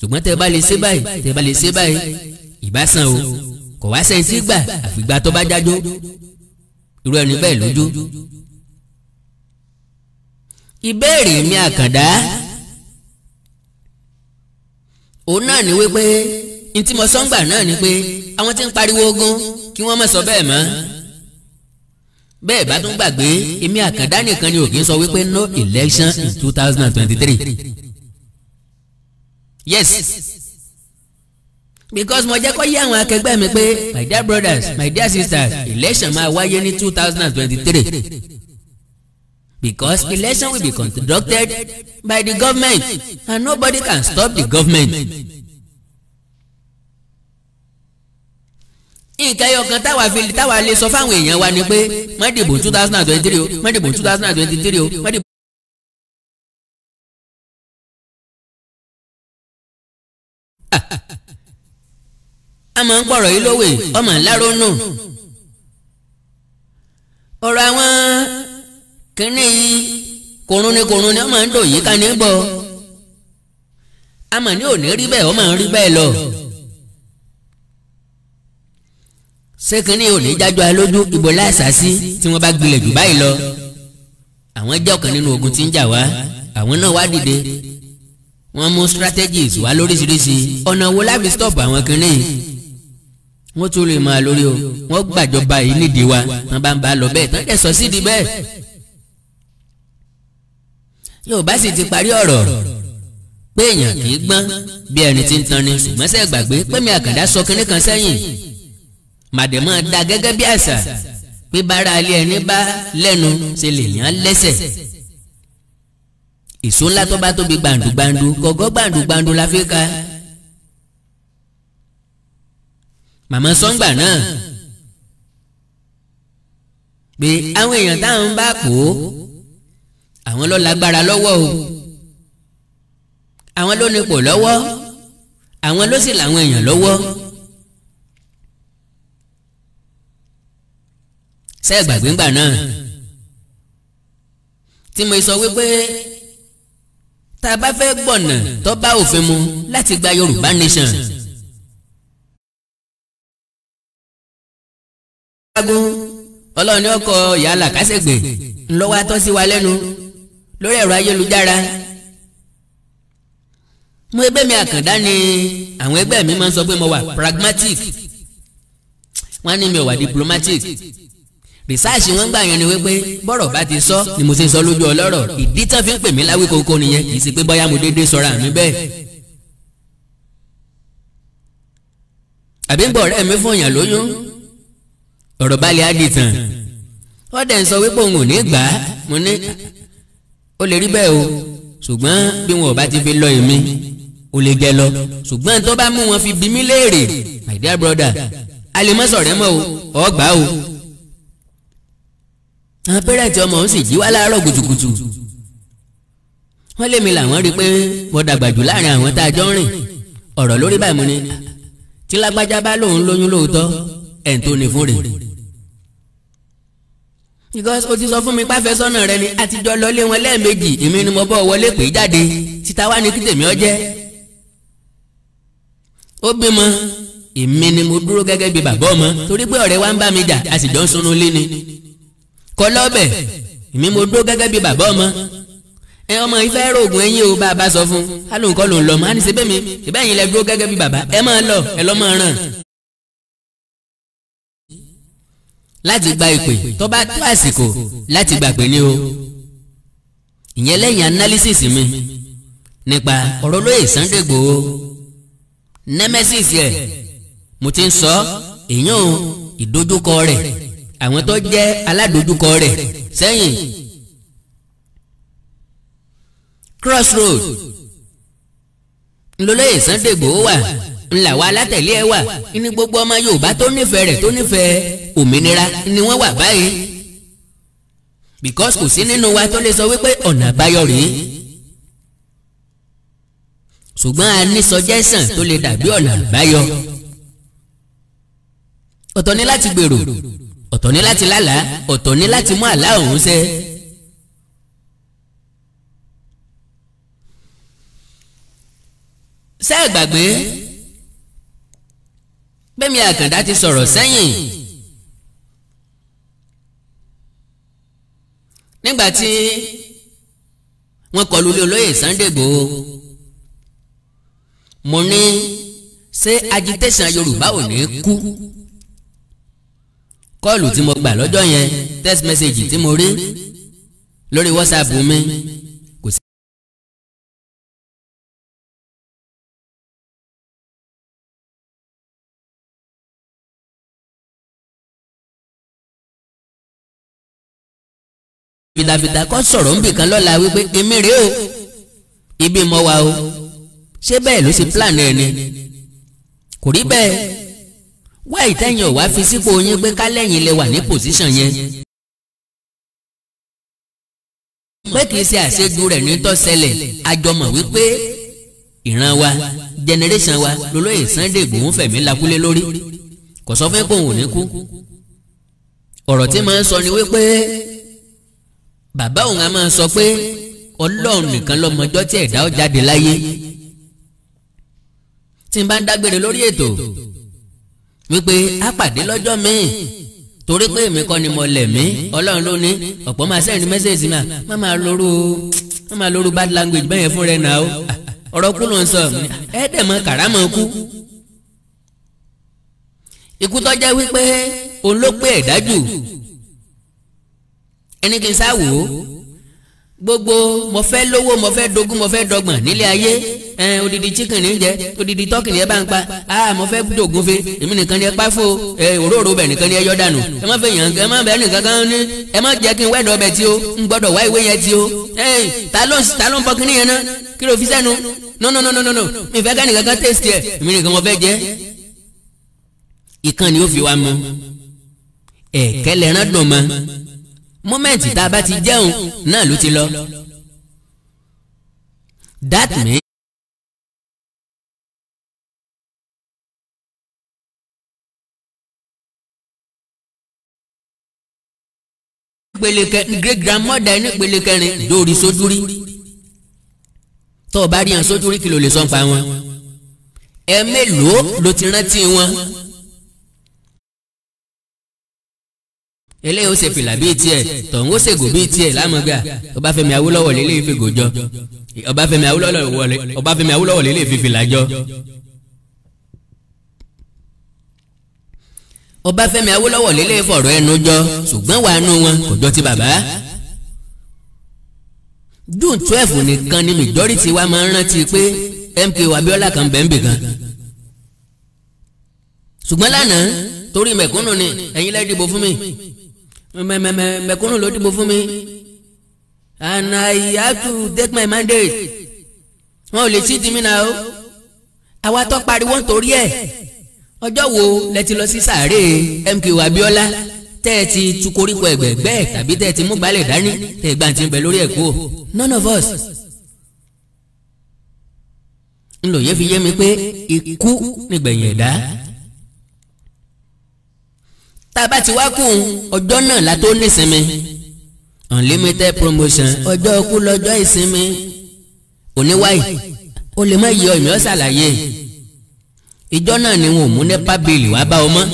ṣùgbọ́n tẹ bá lè ṣe báyìí tẹ bá lè ṣe báyìí ìbásan o kò wá sẹ́yìn sí gbà àfìgbà tó bá jájó irú ẹni bẹ́ẹ̀ lójú. ìbéèrè mi àkàndá òun náà ni wípé n tí mo sọ ń gbà náà ni pé àwọn tí ń pariwo ogun kí wọ́n má sọ bẹ́ẹ̀ mọ́ bẹ́ẹ̀ bá tún gbàgbé èmi àkàndá nìkan ni òkè sọ wípé no election in two thousand and twenty-three yes. yes because mo jẹ́ kó yé àwọn akẹgbẹ́ mi pé my dear brothers my dear sisters election máa wáyé ní two thousand and twenty-three because election will be conducted by the government and nobody can stop the government. nǹkan ẹyọ kan táwa fi táwa lè sọ fáwọn èèyàn wa ni pé má dìbò two thousand and twenty-three o má dìbò two thousand and twenty-three o má dìbò. a máa ń pọ̀rọ̀ yìí lówè ọmọ ńlárónù ọ̀rọ̀ àwọn kínní kòrónì kòrónì ọmọ ń dò yìí ká ní bọ̀ a mọ̀ ní òní rí bẹ́ẹ̀ ọmọ ń rí bẹ́ẹ̀ lọ ṣé kínní òní jájọ́ alójú ìbò láìsà sí tí wọ́n bá gbilẹ̀ jù báyìí lọ àwọn jẹ́ ọ̀kan nínú ogun tí ń jà wá àwọn náà wá dìde wọ́n mú strategies wá lóríṣiríṣi ọ̀nà wo láfi stop àwọn kínní wọ́n tún lè máa lórí o wọ́n gbàjọba yìí nídìí wa wọ́n bá ń ba lọ bẹ́ẹ̀ tán kẹsọ̀ sí di bẹ́ẹ̀. yorùbá sì ti parí ọ̀rọ̀ pé èèyàn kì í gbọ́n bí ẹni tí ń tan ni ṣùgbọ́n sẹ́ gbàgbé pẹ́mi àkàndá sọ kinní kan sẹ́yìn màdèmọ́ da gẹ́gẹ́ bí àṣà pé bára alẹ́ ẹni bá lẹ́nu ṣe lè yàn lẹ́sẹ̀ èso ńlá tó bá tóbi gbàǹdùgbàǹdù kọ̀ọ̀gọ́ gbàǹdùgbàǹdù la fi ka màmá sọ́ngbà náà pé àwọn èèyàn táwọn ń bá kó àwọn ló lágbára lọ́wọ́ o àwọn ló nípò lọ́wọ́ àwọn ló sì làwọn èèyàn lọ́wọ́ sẹ́ẹ̀gbàgbéǹgbà náà tí mo sọ wípé tá a bá fẹ́ gbọ̀nà tó bá òfin mu láti gba Yorùbá nation. agun ọlọ́run ní ọkọ̀ yàrá kásẹ̀gbè ńlọ́wọ́ atọ́ sí wa lẹ́nu lórí ẹ̀rọ ayélujára mú ẹgbẹ́ mi àkàndá ni àwọn ẹgbẹ́ mi máa ń sọ pé mo wà pragmatic wọ́n á ní mi ò wà diplomatic rìsáàsì wọn gbà yẹn ni wípé bọ́rọ̀ bá ti sọ ni mo ṣe sọ lójú ọlọ́rọ̀ ìdí tán fi ń pè mí láwí koko nìyẹn kì í ṣe pé bóyá mo déédéé sọra mi bẹ́ẹ̀. àbí ń bọ̀ ọ̀rẹ́ mi fún èèyàn lóyún ọ̀rọ̀ balẹ̀ á wọ́n dẹ̀ ń sọ wípé òun ò ní gbà á mo ní ó lè rí bẹ́ẹ̀ o ṣùgbọ́n bí wọn ò bá ti fi lọ èmi ó lè jẹ lọ ṣùgbọ́n tó bá mú wọn fi bí mí léèrè my dear brother a lè mọ sọ̀rẹ́ mọ́ o ọgbà o àwọn pẹ́rẹ́ǹtì ọmọ òun sì jí wá láàárọ̀ kùtùkùtù wọ́n lé mi làwọn rí i pé mo dàgbà jù láàrin àwọn tá a jọ ń rìn ọ̀rọ̀ lórí báyìí mo ní tí lágbájá bá lòun lóyún lóòótọ́ ẹ̀ ń tó fún rè because o ti sọ fún mi pàfẹ́sọ́nà rẹ ni àtijọ́ lọlé wọn lẹ́ẹ̀mejì èmi ni mo bọ́ wọlé pé jáde títa wá ní kí tèmi ọ jẹ́ ó bímọ èmi ni mo dúró gẹ́gẹ́ bí bàbá ọmọ torí pé ọ̀rẹ́ wa ń bá mi jà a sì jọ ń sunú lé ni kọlọ́bẹ̀ èmi mo dúró gẹ́gẹ́ bí bàbá ọmọ ẹ ọmọ ìfẹ́ rògùn ẹyin o bàbá sọ fún alóńkọ́ ló ń lọ mọ́ á ní sebẹ́ mi ìbẹ́yìn lẹ dúró gẹ́gẹ́ bí bàbá ẹ máa lọ ẹ lọ́ máa ràn láti gba ìpè tó bá tó àsìkò láti gba ní o ìyẹn lẹ́yìn analysis mi nípa ọ̀rọ̀ lóye Sunday Igboho nemesis ẹ̀ mo ti ń sọ èèyàn ìdojúkọ rẹ̀ àwọn tó jẹ́ aládojúkọ rẹ̀ sẹ́yìn crossroad ńlọlọ́yè Sunday Igboho wà ńlá wa alátẹ̀lé ẹ̀ wà ní gbogbo ọmọ Yorùbá tó nífẹ̀ẹ́ rẹ̀ tó nífẹ̀ẹ́ òmìnira ni wọ́n wà báyìí because kò sí nínú wa tó lè sọ wípé ọ̀nà àbáyọ rèé ṣùgbọ́n a ní suggestion tó lè dàbí ọ̀nà àbáyọ ọ̀tọ̀ ni láti gbèrò ọ̀tọ̀ ni láti lálàá ọ̀tọ̀ ni láti mú àlá ọ̀hún ṣẹ. ṣé ẹ gbàgbé bẹ́ẹ̀ mi àkàndá ti sọ̀rọ̀ sẹ́yìn. nígbà tí wọ́n kọlu ilé olóyè Sunday Igboho mo ní ṣé agitation Yorùbá ò ní kú kọ́ọ̀lù tí mo gbà lọ́jọ́ yẹn text message tí mo rí lórí WhatsApp mi. bìtàbìtà kọ́ sọ̀rọ̀ nbìkan lọ́la wípé èmi rèé o ibi mọ́ wa o ṣé bẹ́ẹ̀ ló ṣe plan ẹ̀ ni kò rí bẹ́ẹ̀ wá ìtẹ̀yìn ọ̀wá fi sípò yín pé kálẹ̀yìn lè wà ní pòsíṣàn yẹn. pé kìí ṣe àṣejù rẹ̀ ní tọ́sẹ̀lẹ̀ àjọmọ̀ wípé ìran wa generation wa lólóyè Sunday Igboho Fẹ́mi lakúlé lórí kò sọ fún pé òun ò ní kú ọ̀rọ̀ tí máa ń sọ ni wípé bàbá òun a máa sọ pé ọlọ́run nìkan lọ́mọjọ́ tí ẹ̀dá ó jáde láyé tí n bá ń dágbére lórí ètò wípé a pàdé lọ́jọ́ míì torí pé èmi kọ́ ni mo lẹ̀ mí ọlọ́run ló ní ọ̀pọ̀ máa sẹ́yìn ní mẹ́sẹ̀ẹ̀sì mà má máa lóru má máa lóru bad language bẹ́ẹ̀ yẹn fún rẹ̀ nà ó ọ̀rọ̀ kú ló ń sọ ẹ̀ dẹ̀ mọ kàrámọ̀ kú ikú tó wípé òun ló pé ẹ̀dá jù ẹni kì í sá wò ó gbogbo mo fẹ́ lówó mo mọfẹ dogún mo fẹ́ dọgbọ̀n nílé ayé ẹn odidi chicken ní jẹ odidi turkey ní ẹ bá ń pa aa mo fẹ́ dògún fe èmi nìkan ní ẹ pa fo ẹ òróró bẹ̀ nìkan ní ẹ yọ dànù ẹ má fẹ́ yàn ẹ má nìkan kan ní ẹ má kí n tí o n gbọ́dọ̀ wá ìwé yẹn tí o kínní yẹn kí Moment tá a bá ti jẹun náà ló ti lọ. that means. pele kẹrin great grandmother ẹni pele kẹrin dórí sójúrí tó o bá rí hàn sójúrí kí ló lè sọ pa wọn ẹ mélòó ló ti rántí wọn. eléyìí ó ṣe fìlà bíi tiẹ̀ tọ̀hún ó ṣègò bíi tiẹ̀ lámọ̀gà ọbáfẹ́mi awólọ́wọ̀ lélẹ́ ìfẹ́gò jọ ọbáfẹ́mi awólọ́wọ̀ lélẹ́ ìfẹ́fìlà jọ. ọbáfẹ́mi awólọ́wọ̀ lélẹ́ ìfọ̀rọ̀ ẹnu jọ ṣùgbọ́n wàá nú wọn kò jọ ti bàbá. june twelve nìkan ni majority wa máa ń rántí pé MKO Abíọ́lá kan bẹ́ẹ̀ ń bì kan ṣùgbọ́n lánàá torí mẹ̀kúnnù ni ẹ̀yin lẹ́ẹ̀dìbò fún mi mẹmẹmẹ mẹ̀kúnnù ló dìbò fún mi and I have to take my mandate wọn ò lè sí tìmí náà o àwa tó pariwo nítorí ẹ̀ ọjọ́ wo lẹ ti lọ sí sàárè MK Abiola tẹ́ ẹ ti tu koríko ẹ̀gbẹ̀gbẹ́ tàbí tẹ́ ẹ ti mú gbálẹ̀ dání tẹ́ ẹ gbàǹtí ń lórí ẹ̀ kú o none of us ńlọyẹ fi yé mi pé ikú nígbẹ̀yìn ẹ̀dá tá a bá ti wá kù ọjọ́ náà la tó nísinmi unlimited promotion ọjọ́ kú lọ́jọ́ ìsinmi oníwáyì o lè má yí ọ ìmọ̀ ṣàlàyé ìjọ náà ni wọn ò mú nípa bíìlì wá bá ọ mọ́.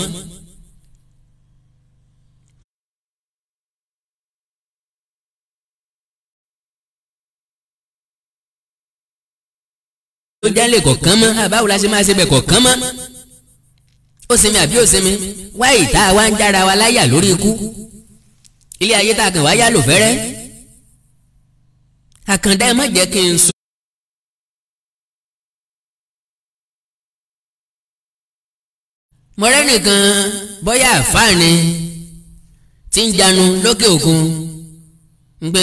ó jẹ́ lè kọ̀ọ̀kan mọ́ àbáwò la ṣe máa ṣe bẹ̀ kọ̀ọ̀kan mọ́ ó sinmi àbí ó sinmi wá ìta wa ń jára wa láyà lórí ikú ilé ayé tá a kàn wá yá lò fẹ́rẹ́ àkàndá ẹ má jẹ́ kí n sùn. mọ̀rẹ́ nìkan bóyá àfáàní tí ń janu lókè òkun ń pé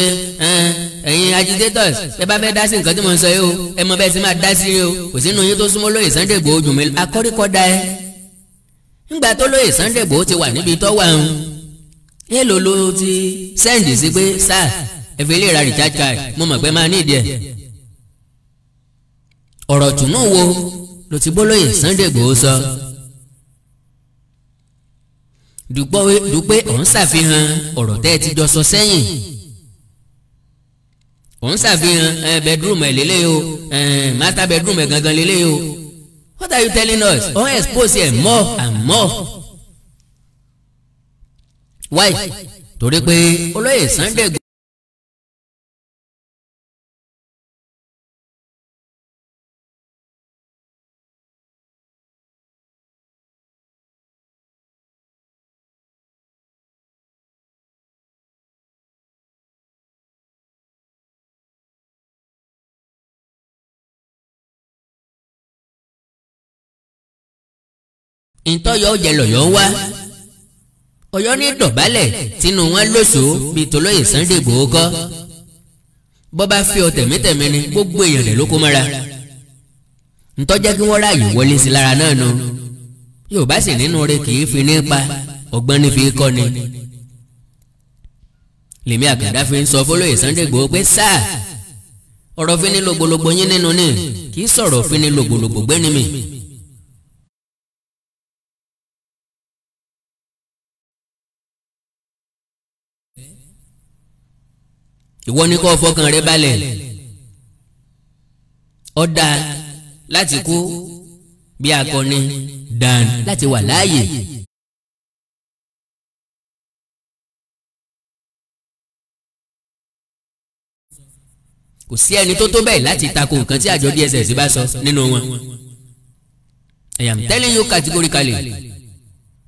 ẹ̀yin agitators ẹ bá fẹ́ dá sí nǹkan tí mo ń sọ yìí o ẹ mọ bẹ́ẹ̀ sì máa dá sí yìí o kò sínú yín tó súnmọ́ lóye Sunday Igboho jù mí ẹ ńgbà tó lóye Sunday Igboho ti wà níbi tó wà ń èlò ló ti sẹ́ǹdì sí pé sáà ẹ̀fẹ̀ lè ra recharge card mo mọ̀ pé máa ní ìdí ẹ̀ ọ̀rọ̀ tùnú wo ló ti bólóyè Sunday Igboho sọ dùpẹ́ òun ṣàfihàn ọ̀rọ̀ tẹ́ ẹ ti jọ sọ sẹ́yìn òun ṣàfihàn eh, bedroom ẹ̀ lélẹ́yìí o eh, master bedroom ẹ̀ gangan lélẹ́yìí o What are you telling us? Ó expose ẹ̀ more and more. Why? Torí pé olóyè Sunday. ntọ́yọ̀ ọ̀jẹ̀ lọ́yọ̀ ń wá ọ̀yọ́ ní dọ̀bálẹ̀ tínú wọn lóṣòó bíi tolóyè Sunday Igboho kọ́ bọ́ba fi ọ tẹ̀mítẹ̀mí ni gbogbo èèyàn rẹ̀ ló kó mọ́ra ntọ́jẹ́ kí wọ́n ráàyè wọlé sí lára náà nu bá sì nínú rẹ̀ kì í fi ní pa ọgbọ́n ní kọ́ ni lèmi fi ń sọ fọlọ́yè pé sáà ọ̀rọ̀ fi ní nínú ìwọ ni kó fọkàn rẹ balẹ̀ ọ̀dà láti kú bí akọni dan láti wà láàyè. kò sí ẹni tó tó bẹ́ẹ̀ láti tako nǹkan tí àjọ DSS bá sọ nínú wọn. I am telling you categorically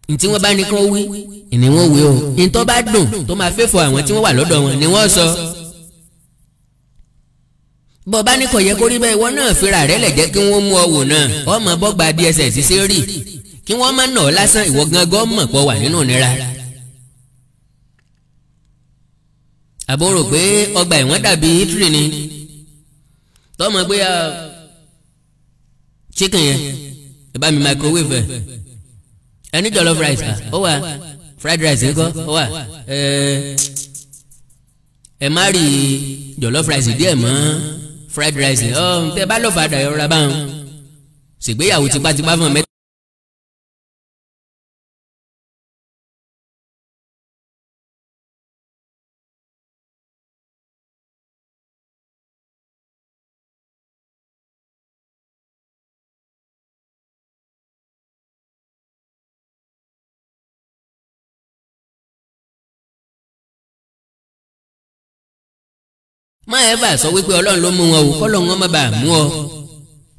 ntí wọ́n bá ní kí wọ́n wí ni wọ́n wí o ntọ́ bá dùn tó máa fẹ́ fọ àwọn tí wọ́n wà lọ́dọ̀ wọn ni wọ́n sọ. So bọ́ bá ní kò yẹ kó rí bẹ́ẹ̀ ìwọ náà fira rẹ lẹ̀ jẹ́ kí wọ́n mú ọ wò náà ọmọ bọ́gba DSS ṣe rí kí wọ́n má nà ọ́ lásán ìwọ gangan mọ̀ pọ̀ wà nínú nira. àbò rò pé ọgbà ẹ̀wọ̀n dàbí italy ni tọ́mọ pé ah, chicken yẹn ẹ bá mi microwave ẹ̀ ẹ ní jollof rice ah, ó wà fried rice ńkọ́ ó wà ẹ má rí jollof rice díẹ̀ mọ́ fried rice ọ̀ oh, tẹ bá lọ́ọ́ fàdà ẹ̀rọ ra báwọn ṣègbéyàwó tipátipá fún mẹ́ta. má ẹ bá sọ wípé ọlọ́run ló mú wọn o kọ́ lọ́run wọn má bàa mú ọ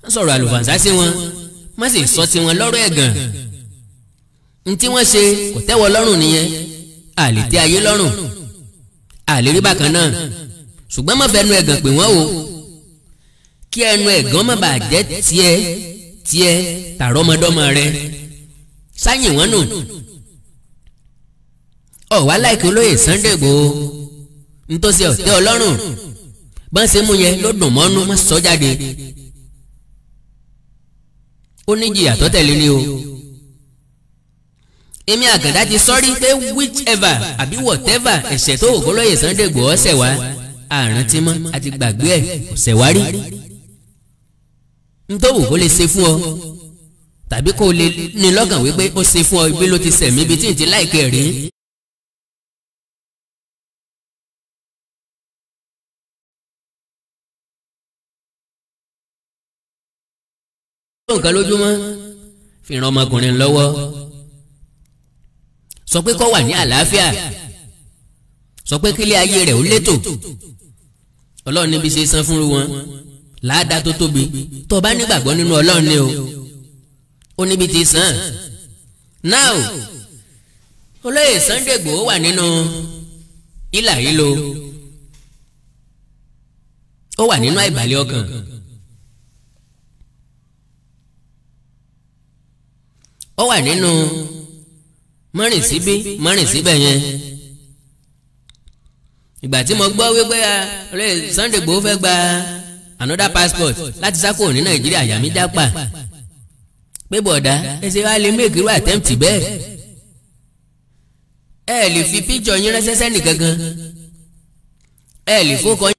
má sọ̀rọ̀ àlùfàǹsá sí wọn má sì sọ tiwọn lọ́rọ̀ ẹ̀gàn n tí wọ́n ṣe kò tẹ́wọ́ lọ́rùn nìyẹn àlè tí ayé lọ́rùn àlè rí bákan náà ṣùgbọ́n má fẹnu ẹ̀gàn pè wọ́n o kí ẹnu ẹ̀gàn má bàa jẹ́ tiẹ̀ tiẹ̀ tàrọ́mọdọ́mọ rẹ sáyìn wọn nù ọ̀wá láìkí olóyè Sunday Igboho ntọ́sí ọ̀tẹ́ ọlọ́run bá ń ṣe mú yẹn ló mọ́nú má sọ jáde ó ní jìyà tó tẹ̀lé ni o èmi àgàdá ti sọ́rí pé whichever àbí whatever ẹ̀sẹ̀ tó ògbólóyè Sunday Igboho ṣẹ̀ wá àrántí mọ́ àti gbàgbé ẹ̀ kò ṣẹ̀ wá rí ntòwò kó lè ṣe fún ọ tàbí kó lè ní lọ́gàn wípé ó ṣe fún ọ ibi ló ti sẹ̀mí ibi tí ì ti láìkẹ́ rí. nǹkan lójúmọ́ fi ràn ọmọkùnrin lọ́wọ́ sọ pé kó wà ní àlàáfíà sọ pé kílé ayé rẹ̀ ó létò ọlọ́run níbi ṣe san fúnru wọn làádá tó tóbi tó bá nígbàgbọ́ nínú ọlọ́run ni o ó níbi ti san now olóyè Sunday Igboho wà nínú ìlà yìí lo ó wà nínú àìbàlẹ̀ ọkàn. ó wà nínú mọ́rìn síbí mọ́rìn síbẹ̀ yẹn ìgbà tí mo gbọ́ wípé ọ̀rẹ́ Sunday Igboho fẹ́ gba another passport láti sá kúrò ní Nàìjíríà àyà mi jápa pé bọ̀dá ẹ ṣe wá lè make irú attempt bẹ́ẹ̀ ẹ lè fi píjọ yín ránṣẹ́ sẹ́nì gangan ẹ lè fọkàn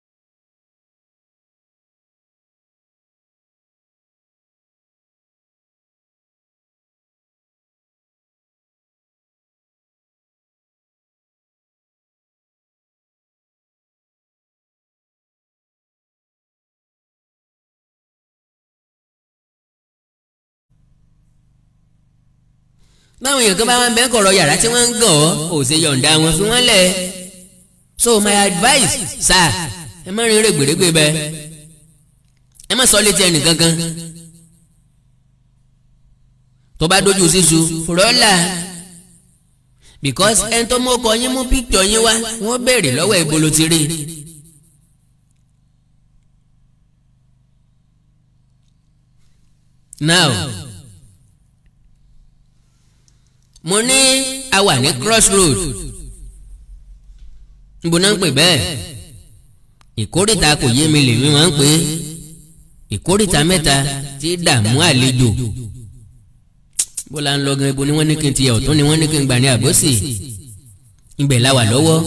báwọn èèyàn kan bá wọn bẹ́ẹ̀ kọ̀rọ̀ yàrá tí wọ́n ń gàn ọ́ ò ṣe yọ̀ǹda wọn fi wọ́n lẹ̀ so my advice sir ẹ má rin rẹ̀gbẹ̀rẹ̀gbẹ̀ bẹ́ẹ̀ ẹ má sọ létí ẹnì kankan tó bá dojú sísu fúrọ́là because ẹni tó mú ọkọ yín mú píkítọ̀ yín wá wọ́n béèrè lọ́wọ́ ìbolo ti rí i. now, now. mo ní a wà ní road. níbo náà ń pè bẹ́ẹ̀ ìkórìtà kò yé mi lèmi máa ń pè é ìkórìtà mẹ́ta ti dààmú àlejò bó la ń lọ gan ibo ni wọ́n ní kí n ti yà ọ̀tún ni wọ́n ní kí n gbà ní àbọ̀sì ibẹ̀ la wà lọ́wọ́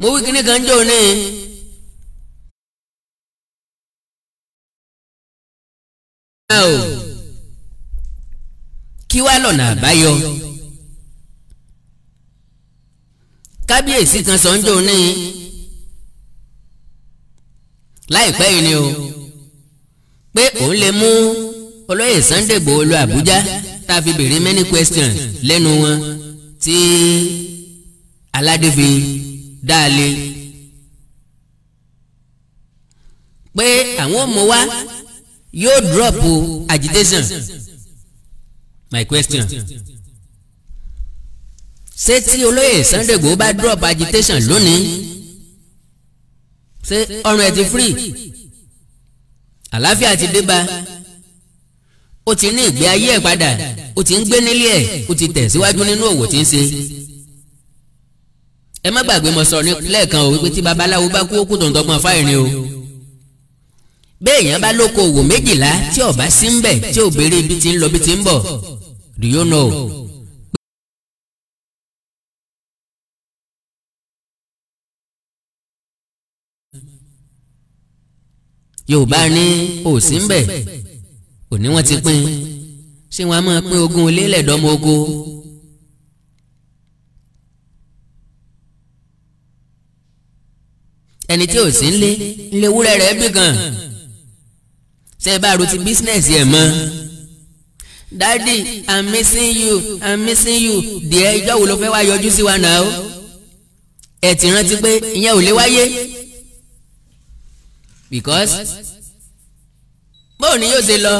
mo wí kíní kan jò ní. Oh. kí wá lọ́nà àbáyọ. kábíyèsí kan sọ́njọ́ ní láìpẹ́ yìí ni o pé òun lè mú olóyè Sunday Igboho lọ Àbújá tá a fi béèrè many questions lẹ́nu wọn tí aládé fi dá a lé pé àwọn ọmọ wa yóò drop agitation. agitation my question ṣé tí olóyè Sunday Igboho bá drop agitation lónìí ṣé ọrùn ẹ ti free àlàáfíà ti dé bá ó ti ní ìgbé ayé ẹ̀ padà ó ti ń gbé nílé ẹ̀ ó ti tẹ̀síwájú nínú òwò tí ń ṣe ẹ má gbàgbé mo sọ lẹ́ẹ̀kan o wípé tí babaláwo bá kú ókú tòǹtọ́gbọ̀n fáìrin o béèyàn bá lóko òwò méjìlá tí ọba sí ń bẹ̀ tí ò béèrè ibi tí ń lọ bí ti ń bọ̀ Do you know? Yorùbá ní òsín bẹ̀ òní wọ́n ti pín ṣé wọ́n á máa pín ogún olélẹ̀dọ́mọ ogo. ẹni tí ò sí ń lé ń lé wúrẹ́ rẹ̀ bí gan ṣe bá ro ti bísínẹ́sì ẹ̀ mọ́. Daddy, i'm missing you i'm missing you díẹ̀ ìjọ́ wo ló fẹ́ wá yọjú sí wa náà o ẹ ti rántí pé ìyẹn ò lè wáyé because bóun ni yóò ṣe lọ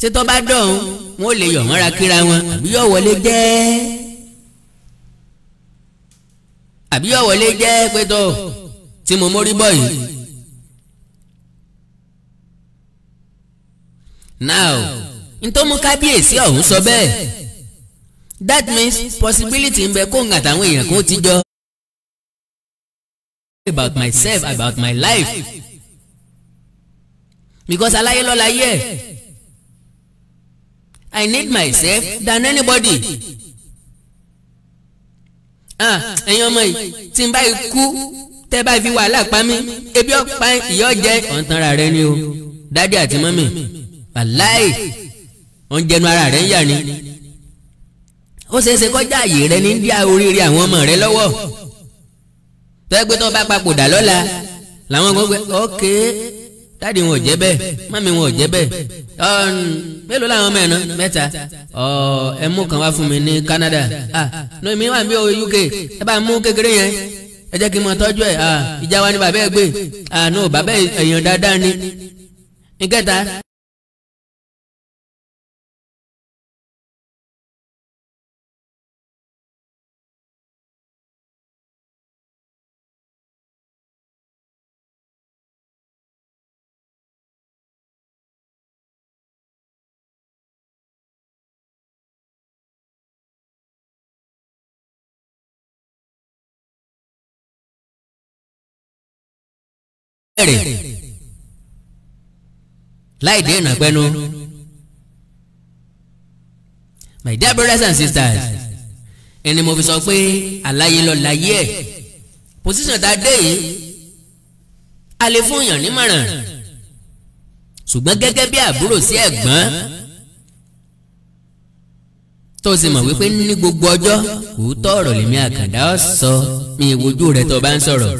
ṣé tó bá dọ̀hún wọn ò lè yọ̀ mọ́ra kíra wọn àbí yóò wọlé jẹ́ àbí yóò wọlé jẹ́ pé tó tí mo mórí bọ̀ yìí. now ntọ́mú kábíyèsí ọ̀hún sọ bẹ́ẹ̀ that means possibility ń bẹ kó ń àtàwọn èèyàn kó ti jọ. about myself about my life because aláyé lọ́la yẹ I need myself than anybody ah, ẹ̀yin ọmọ yìí tí n bá yìí kú tẹ́ bá fi wàhálà pa mí ebi ọ̀pá ìyọ́ jẹ́ ọ̀ǹtanra rẹ ni o dádì àti mọ́mì wàláì wọn jẹnu ara rẹ ń yà ni ó ṣeé ṣe kọjá àyè rẹ ní díà oríire àwọn ọmọ rẹ lọ́wọ́ tẹ́ pé tó bá papòdà lọ́la làwọn kan gbé ok dáàdi wọn ò jẹ́ bẹ́ẹ̀ mọ́mí wọn ò jẹ́ bẹ́ẹ̀ mélòó làwọn ọmọ mẹ́ta ẹ kan wá fún mi ní Canada ah no mi wà bí UK ẹ bá mú kékeré yẹn ẹ jẹ́ kí n mọ tọ́jú ẹ̀ ìjà wa ni bàbá ẹ gbé ah no bàbá ẹ̀yàn dáadáa ni ìkẹta. bẹ̀rẹ̀ láì dé ìrànpẹ́nu. my dear brothers and sisters ẹni mo fi sọ pé àlàyé lọ láyé ẹ̀ position tá a dé yìí a lè fún èèyàn nímọ̀ràn ṣùgbọ́n gẹ́gẹ́ bí àbúrò sí ẹ̀gbọ́n tó sì mọ̀ wípé ní gbogbo ọjọ́ òótọ́ ọ̀rọ̀ lèmi àkàndá sọ mi ìwojú rẹ̀ tó bá ń sọ̀rọ̀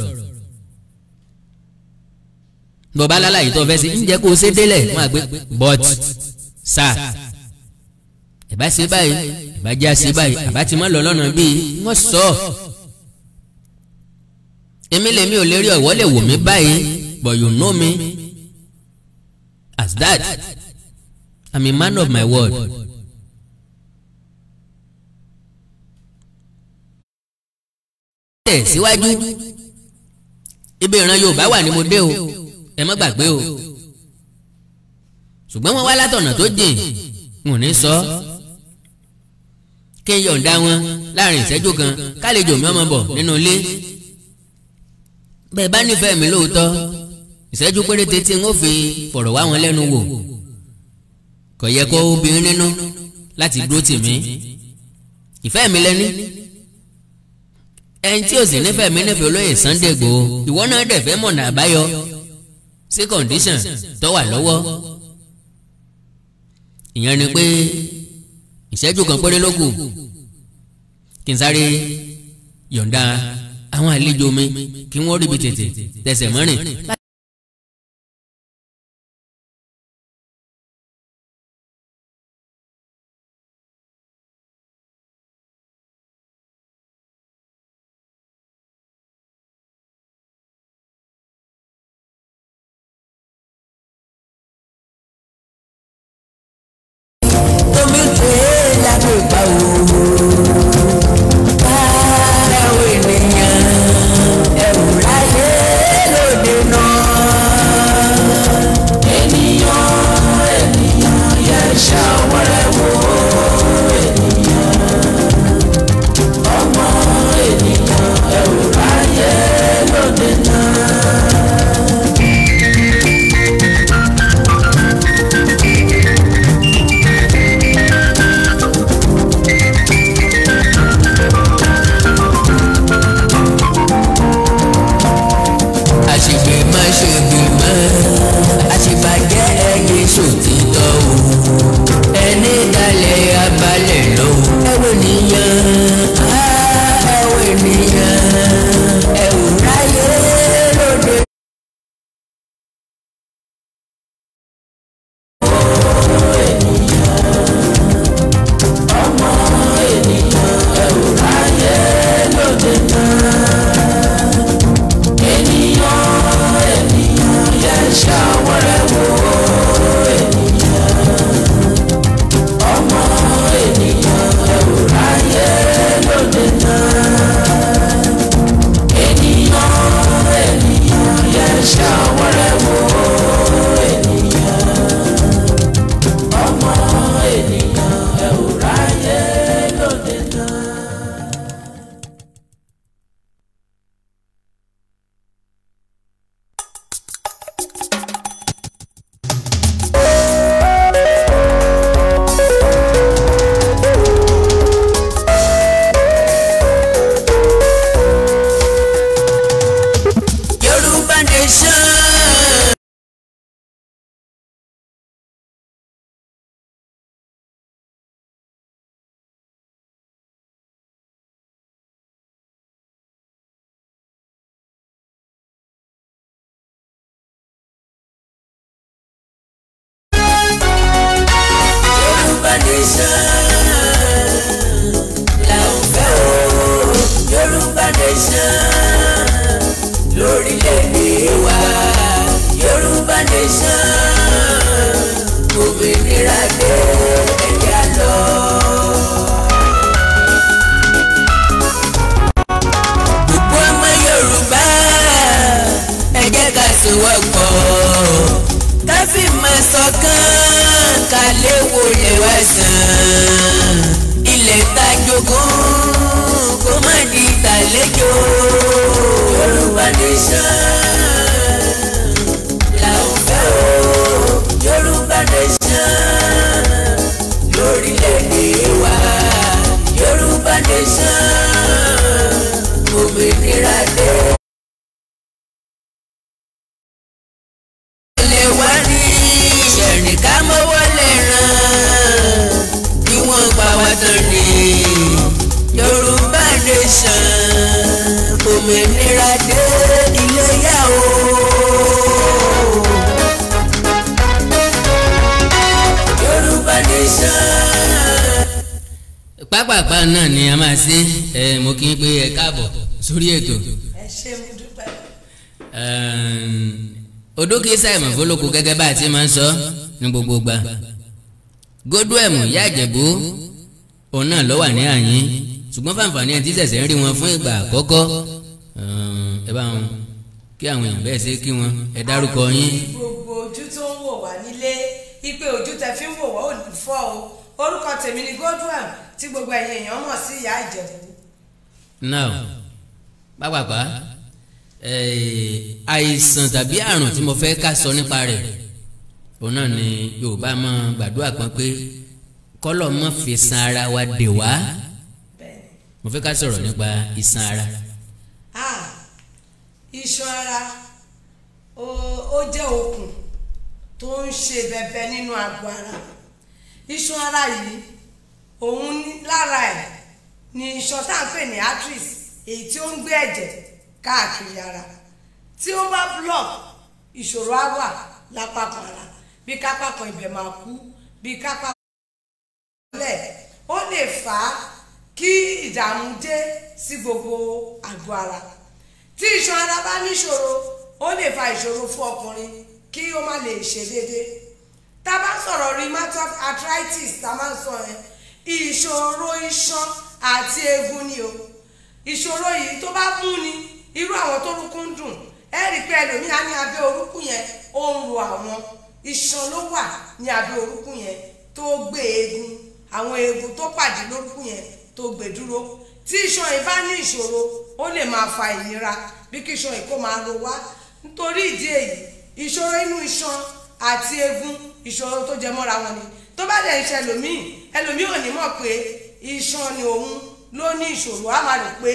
bọ̀bá aláyìí tó fẹ́ sí ń jẹ́ kó o ṣe délẹ̀ wọn àgbẹ̀ but sa ìbá ṣe báyìí ìbá jẹ́ àṣe báyìí àbá ti mọ́ lọ lọ́nà bíi wọ́n sọ èmi lèmi ò lè ọ̀wọ́ lè wò mí báyìí but you know me as that I'm a man of my word. tẹ̀ síwájú ibi ìran Yorùbá wà ní mo dé o ẹ má gbàgbé o ṣùgbọ́n wọ́n wá látọ̀nà tó jìn wọn ò ní sọ kí n yọ̀ǹda wọn láàrin ìṣẹ́jú kan kálejò mi ọmọ bọ̀ nínú ilé bẹ́ẹ̀ bá nífẹ̀ẹ́ mi lóòótọ́ ìṣẹ́jú péréte tí n ó fi fọ̀rọ̀ wá wọn lẹ́nu wò kò yẹ kó obìnrin nínú láti dúró tì mí ìfẹ́ mi lẹ́ni ẹni tí ò sì nífẹ̀ẹ́ mi nífẹ̀ẹ́ olóyè Sunday Igboho ìwọ náà dẹ̀ fẹ́ mọ̀nà àbáyọ sí condition tó wà lọ́wọ́ ìyẹn ni pé ìṣẹ́jú kan péré ló kù kí n sáré yọ̀ǹda àwọn àlejò mi kí wọ́n ríbi tètè tẹsẹ̀ mọ́rin. kí Simon fólókù gẹ́gẹ́ bá a ti máa ń sọ ní gbogbo gbà Godwem Ìyá Ìjẹ̀bú òun náà ló wà ní àyín ṣùgbọ́n fàǹfààní ẹ̀ tí ṣẹ̀ṣẹ̀ ń rí wọn fún ìgbà àkọ́kọ́ ẹ bá wọn kí àwọn èèyàn bẹ́ẹ̀ ṣe kí wọn ẹ dárúkọ yín. gbogbo ojú tó ń wò wá nílé ipe ojú tẹ fi ń wò wá ò ní o orúkọ tèmi ni Godwem tí gbogbo ẹ̀yin èèyàn mọ̀ sí Ìyá Ìjẹ̀bú. now pápápá àìsàn tàbí àrùn tí mo fẹ́ ká sọ nípa rẹ̀ òun náà ni Yorùbá máa gbàdúrà kan pé kọ́lọ̀ mọ́ fi san ara wa dè wá mo fẹ́ ká sọ̀rọ̀ nípa ìsan ara. iṣan ara ó jẹ́ okùn tó ń ṣe bẹ̀bẹ̀ nínú àgọ́ ara iṣan ara yìí òun lára ẹ̀ ni iṣan tá à ń pè ní arteries èyí tí ó ń gbé ẹ̀jẹ̀ káàkiri ara tí ó bá block ìṣòro á wà lápapọ̀ ara bí kápákọ̀ ibẹ̀ máa kú bí kápákọ̀ lẹ̀ ó lè fà á kí ìdààmú dé sí gbogbo àgọ́ ara tí iṣan ara bá níṣòro ó lè fa ìṣòro fún ọkùnrin kí ó má lè ṣe déédéé tá a bá sọ̀rọ̀ rheumatoid arthritis tá a máa ń sọ yẹn ìṣòro iṣan àti eegun ni o ìṣòro yìí tó bá mú ni irú àwọn tó rúkún dùn ẹ rí i pé ẹlòmíà ní abẹ́ orúkún yẹn ó ń ro àwọn iṣan ló wà ní abẹ́ orúkún yẹn tó gbé eegun àwọn eegun tó pàdé lórúkún yẹn tó gbé dúró tí iṣan yìí bá ní ìṣòro ó lè máa fa ìnira bí kí iṣan yìí kó máa ro wá nítorí ìdí èyí ìṣòro inú iṣan àti eegun ìṣòro tó jẹ mọ́ra wọn ni tó bá dẹ̀ ṣe ẹlòmíì ẹlòmíì ò ní mọ̀ pé iṣan ni òun ló ní ìṣòro á máa rò pé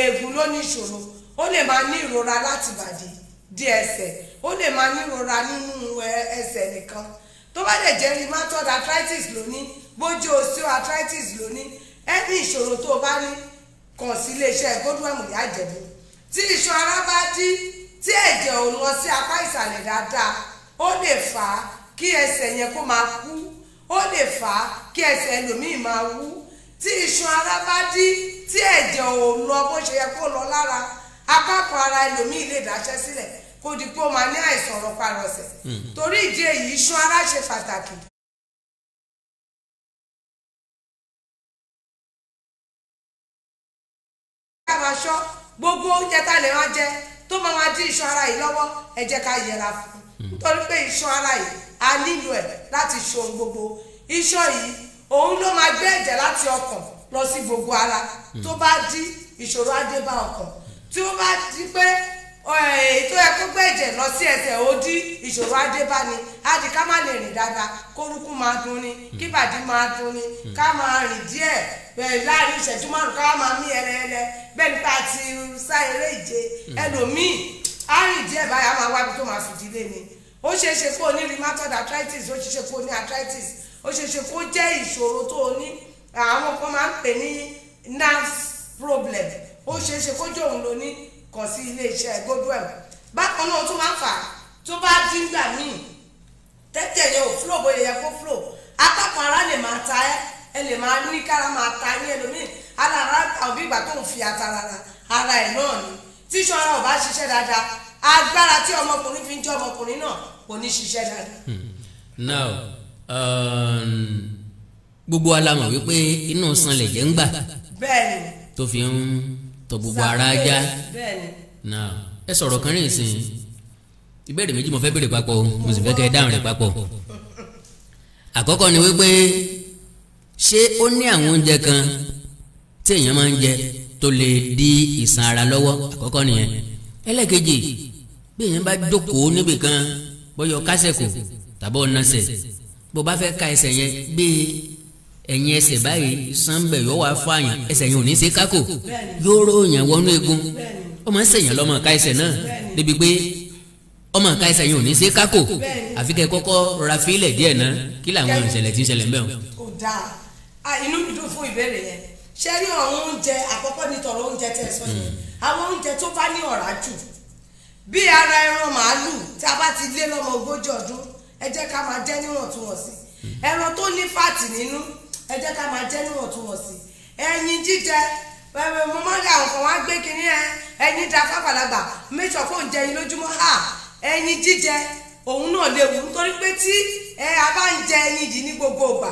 eegun ló ní ìṣòro ó lè máa ní ìrora láti ìbàdí dé ẹsẹ̀ ó lè máa ní ìrora nínú ẹsẹ̀ nìkan tó bá lè jẹ́ rheumatoid arthritis ló ní bójú osteoarthritis ló ní ẹni ìṣòro tó bá ní kàn sí iléeṣẹ́ godwem ìyá ìjẹ̀bú tí iṣan ara bá dí tí ẹ̀jẹ̀ ò lọ sí apá ìsàlẹ̀ dáadáa ó lè fà á kí ẹsẹ̀ yẹn kó máa kú ó lè fà á kí ẹsẹ̀ ẹlòmíì máa wú tí iṣan ara bá dí tí ẹ̀jẹ̀ ò lọ bó ṣe yẹ kó lọ lára apá kan ara ẹlòmíì lè dáṣẹ́ sílẹ̀ kó di pé ó máa ní àìsàn ọ̀rọ̀ parọ̀sẹ̀ hmm. torí ìdí èyí iṣan ara ṣe pàtàkì aṣọ gbogbo oúnjẹ tá a lè máa jẹ tó máa máa dín iṣan ara yìí lọ́wọ́ ẹ jẹ́ ká yẹra fún hmm. nítorí pé iṣan ara yìí a nílò ẹ̀ láti ṣe gbogbo iṣan yìí òun ló máa gbé ẹ̀jẹ̀ láti ọkàn lọ sí gbogbo ara hmm. tó bá dí ìṣòro á bá ọkàn tí ó bá ti pé eh, ètò ẹ̀kọ́ lọ sí ìṣòro adébáni ká má lè rìn dáadáa máa kíbàdí hmm. máa hmm. ká máa rìn eh, láàrin ìṣẹ́jú márùn ká máa mí bẹ́ẹ̀ nípa ti sá eré ìje hmm. ẹlòmíì á rìn díẹ̀ báyà máa tó máa fìdílé ni ó ṣeé ṣe kó o ní rheumatoid arthritis ó ṣeé ṣe kó o ní arthritis ó ṣeé ṣe kó o jẹ́ ìṣòro tó o ní problem ó ṣeé ṣe kójú òun ló ní kàn sí iléeṣẹ́ Godwell bákan náà tó máa ń fà tó bá dín gbà míì tẹ́tẹ̀ yẹn ò fúlò bóyá yẹ kó fúlò apá ara lè máa ta ẹ́ ẹ lè máa ní kára máa ta ní ẹlòmíì alára àbí ìgbà tó ń fi àtàrà ara ẹ̀ náà ni tíṣọ́ ara ò bá ṣiṣẹ́ dáadáa agbára tí ọmọkùnrin fi ń jẹ́ ọmọkùnrin náà kò ní ṣiṣẹ́ dáadáa. Hmm. now um, gbogbo um, alamọ wípé inú sanlẹ̀ jẹ́ ń gbà tó fi ń tọ gbogbo ara ajá náà ẹ sọ̀rọ̀ kan rìn sìn ìbéèrè méjì mo fẹ́ béèrè papọ̀ mo sì fẹ́ kẹ́ ẹ dáhùn rẹ̀ papọ̀ àkọ́kọ́ ni wípé ṣé ó ní àwọn oúnjẹ kan tí èèyàn máa ń jẹ tó lè di ìsàn ara lọ́wọ́ àkọ́kọ́ nìyẹn ẹlẹ́kejì bí èèyàn bá jókòó níbì kan bóyá ọkásẹ̀kù tàbí ọ̀nàṣẹ̀ bó bá fẹ́ ka ẹsẹ̀ yẹn gbé ẹ̀yìn ẹsẹ̀ báyìí sanbẹ̀ yóò wá fààyàn ẹsẹ̀ yìí ò ní ṣe kákò yóò ròyìn wọnú egun ọmọ ṣèyàn lọ́mọ ká ẹsẹ̀ náà débi pé ọmọ ká ẹsẹ̀ yìí ò ní ṣe kákò àfi kẹ́ kọ́kọ́ rọra fílẹ̀ díẹ̀ náà kí làwọn ìṣẹ̀lẹ̀ ti ń ṣẹlẹ̀ mbẹ́ o. ó dáa a inú mi dùn fún ìbéèrè yẹn ṣé rí ọ̀run oúnjẹ àkọ́kọ́ ní tọ̀rọ̀ oúnjẹ tẹ̀ sọ yìí hmm. àwọn oúnjẹ tó bá ní ọ̀rá jù bí ara ẹran màálù tí a bá ti lé lọ́mọ ogójì ọdún ẹ jẹ́ ká máa jẹ níwọ̀ntúnwọ̀nsì hmm. ẹran tó ní fáàtì nínú ẹ jẹ́ ká máa jẹ́ níwọ̀ntúnwọ̀nsì ẹyin jíjẹ mo máa ń ga nǹkan wá gbé kinní ẹ ẹyin da fábàlagbà méjọ fóun jẹ ẹyin lójúmọ́ ha ẹyin jíjẹ òun náà léwu nítorí pé tí ẹ a bá ń jẹ ẹyin yìí ní gbogbo ìgbà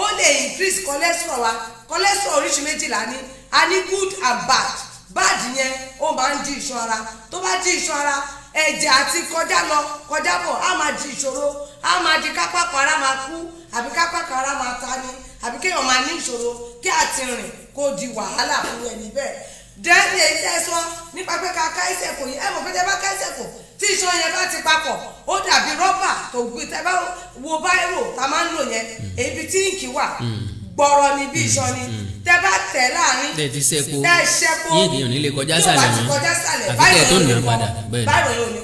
ó lè increase cholesterol wa cholesterol oríṣi méjìlá ní a ní good and bad bad yẹn ó máa ń di iṣan ara tó bá di iṣan ara ẹ̀jẹ̀ àti kọjá lọ kọjá bọ̀ á máa di ìṣòro á máa di kápákọ̀ ara máa kú àbí kápákọ̀ ara máa ta ni àbí kéèyàn máa ní ìṣòro kí àti rìn kó di wàhálà fún ẹni bẹ́ẹ̀ dẹ́ẹ̀ni èyí tẹ́ sọ nípa pé ká ká ẹsẹ̀ kò yí ẹ mọ̀ bá ká ẹsẹ̀ kò tí iṣan yẹn bá ti papọ̀ ó dàbí rọ́bà tó gbé tẹ́ bá wo báírò tá a máa ń lò yẹn èyí hmm. tí wà hmm. gbọ́rọ̀ ni bí iṣan ni hmm. tẹ́ bá tẹ̀ láàrin tẹ́ ti sẹ́kó tẹ́ sẹ́kó yín ènìyàn nílé kọjá sàlẹ̀ mọ́ àfi tẹ́ tó nà padà bẹ́ẹ̀ ni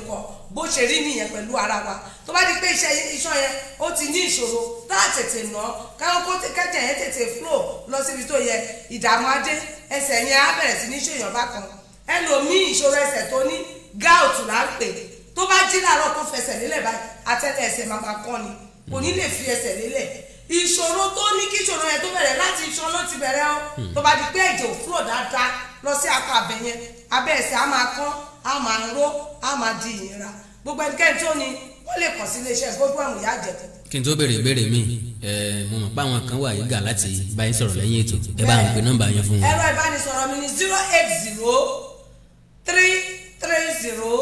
bó ṣe rí nìyẹn pẹ̀lú ara wa tó bá di pé iṣẹ́ iṣan yẹn ó ti ní ìṣòro tá a tètè nà káwọn kó kẹ́jẹ̀ yẹn tètè flow lọ síbi tó yẹ ìdààmú adé ẹsẹ̀ yẹn á bẹ̀rẹ̀ sí ní ṣèyàn bákan ẹlòmíì ìṣòro ẹsẹ̀ tó ní gout là ń pè tó bá jí làárọ̀ kó fẹsẹ̀ lélẹ̀ báyìí atẹ́lẹ̀ ẹsẹ̀ máa máa kán ni kò ní lè fi ẹsẹ̀ lélẹ̀ ìṣòro tó ní kí ìṣòro yẹn tó bẹ̀rẹ̀ láti iṣan ló ti bẹ̀rẹ̀ o hmm. tó bá di pé ẹ̀jẹ̀ ò flow dáadáa lọ sí akọ abẹ yẹn abẹ́ ẹsẹ̀ á máa kán á máa ró á máa di ìnira gbogbo ẹnikẹ́ni tó ní wọ́n lè kàn sí iléeṣẹ́ Godwin Ìyá Ìjẹ̀bú. kí n tó béèrè ìbéèrè mi mo mọ̀ pé àwọn kan wà yíga láti bá yín sọ̀rọ̀ lẹ́yìn ètò ẹ bá àwọn pé nọ́mbà yẹn fún wọn. ẹ̀rọ ìbánisọ̀rọ̀ mi ni zero eight zero three three zero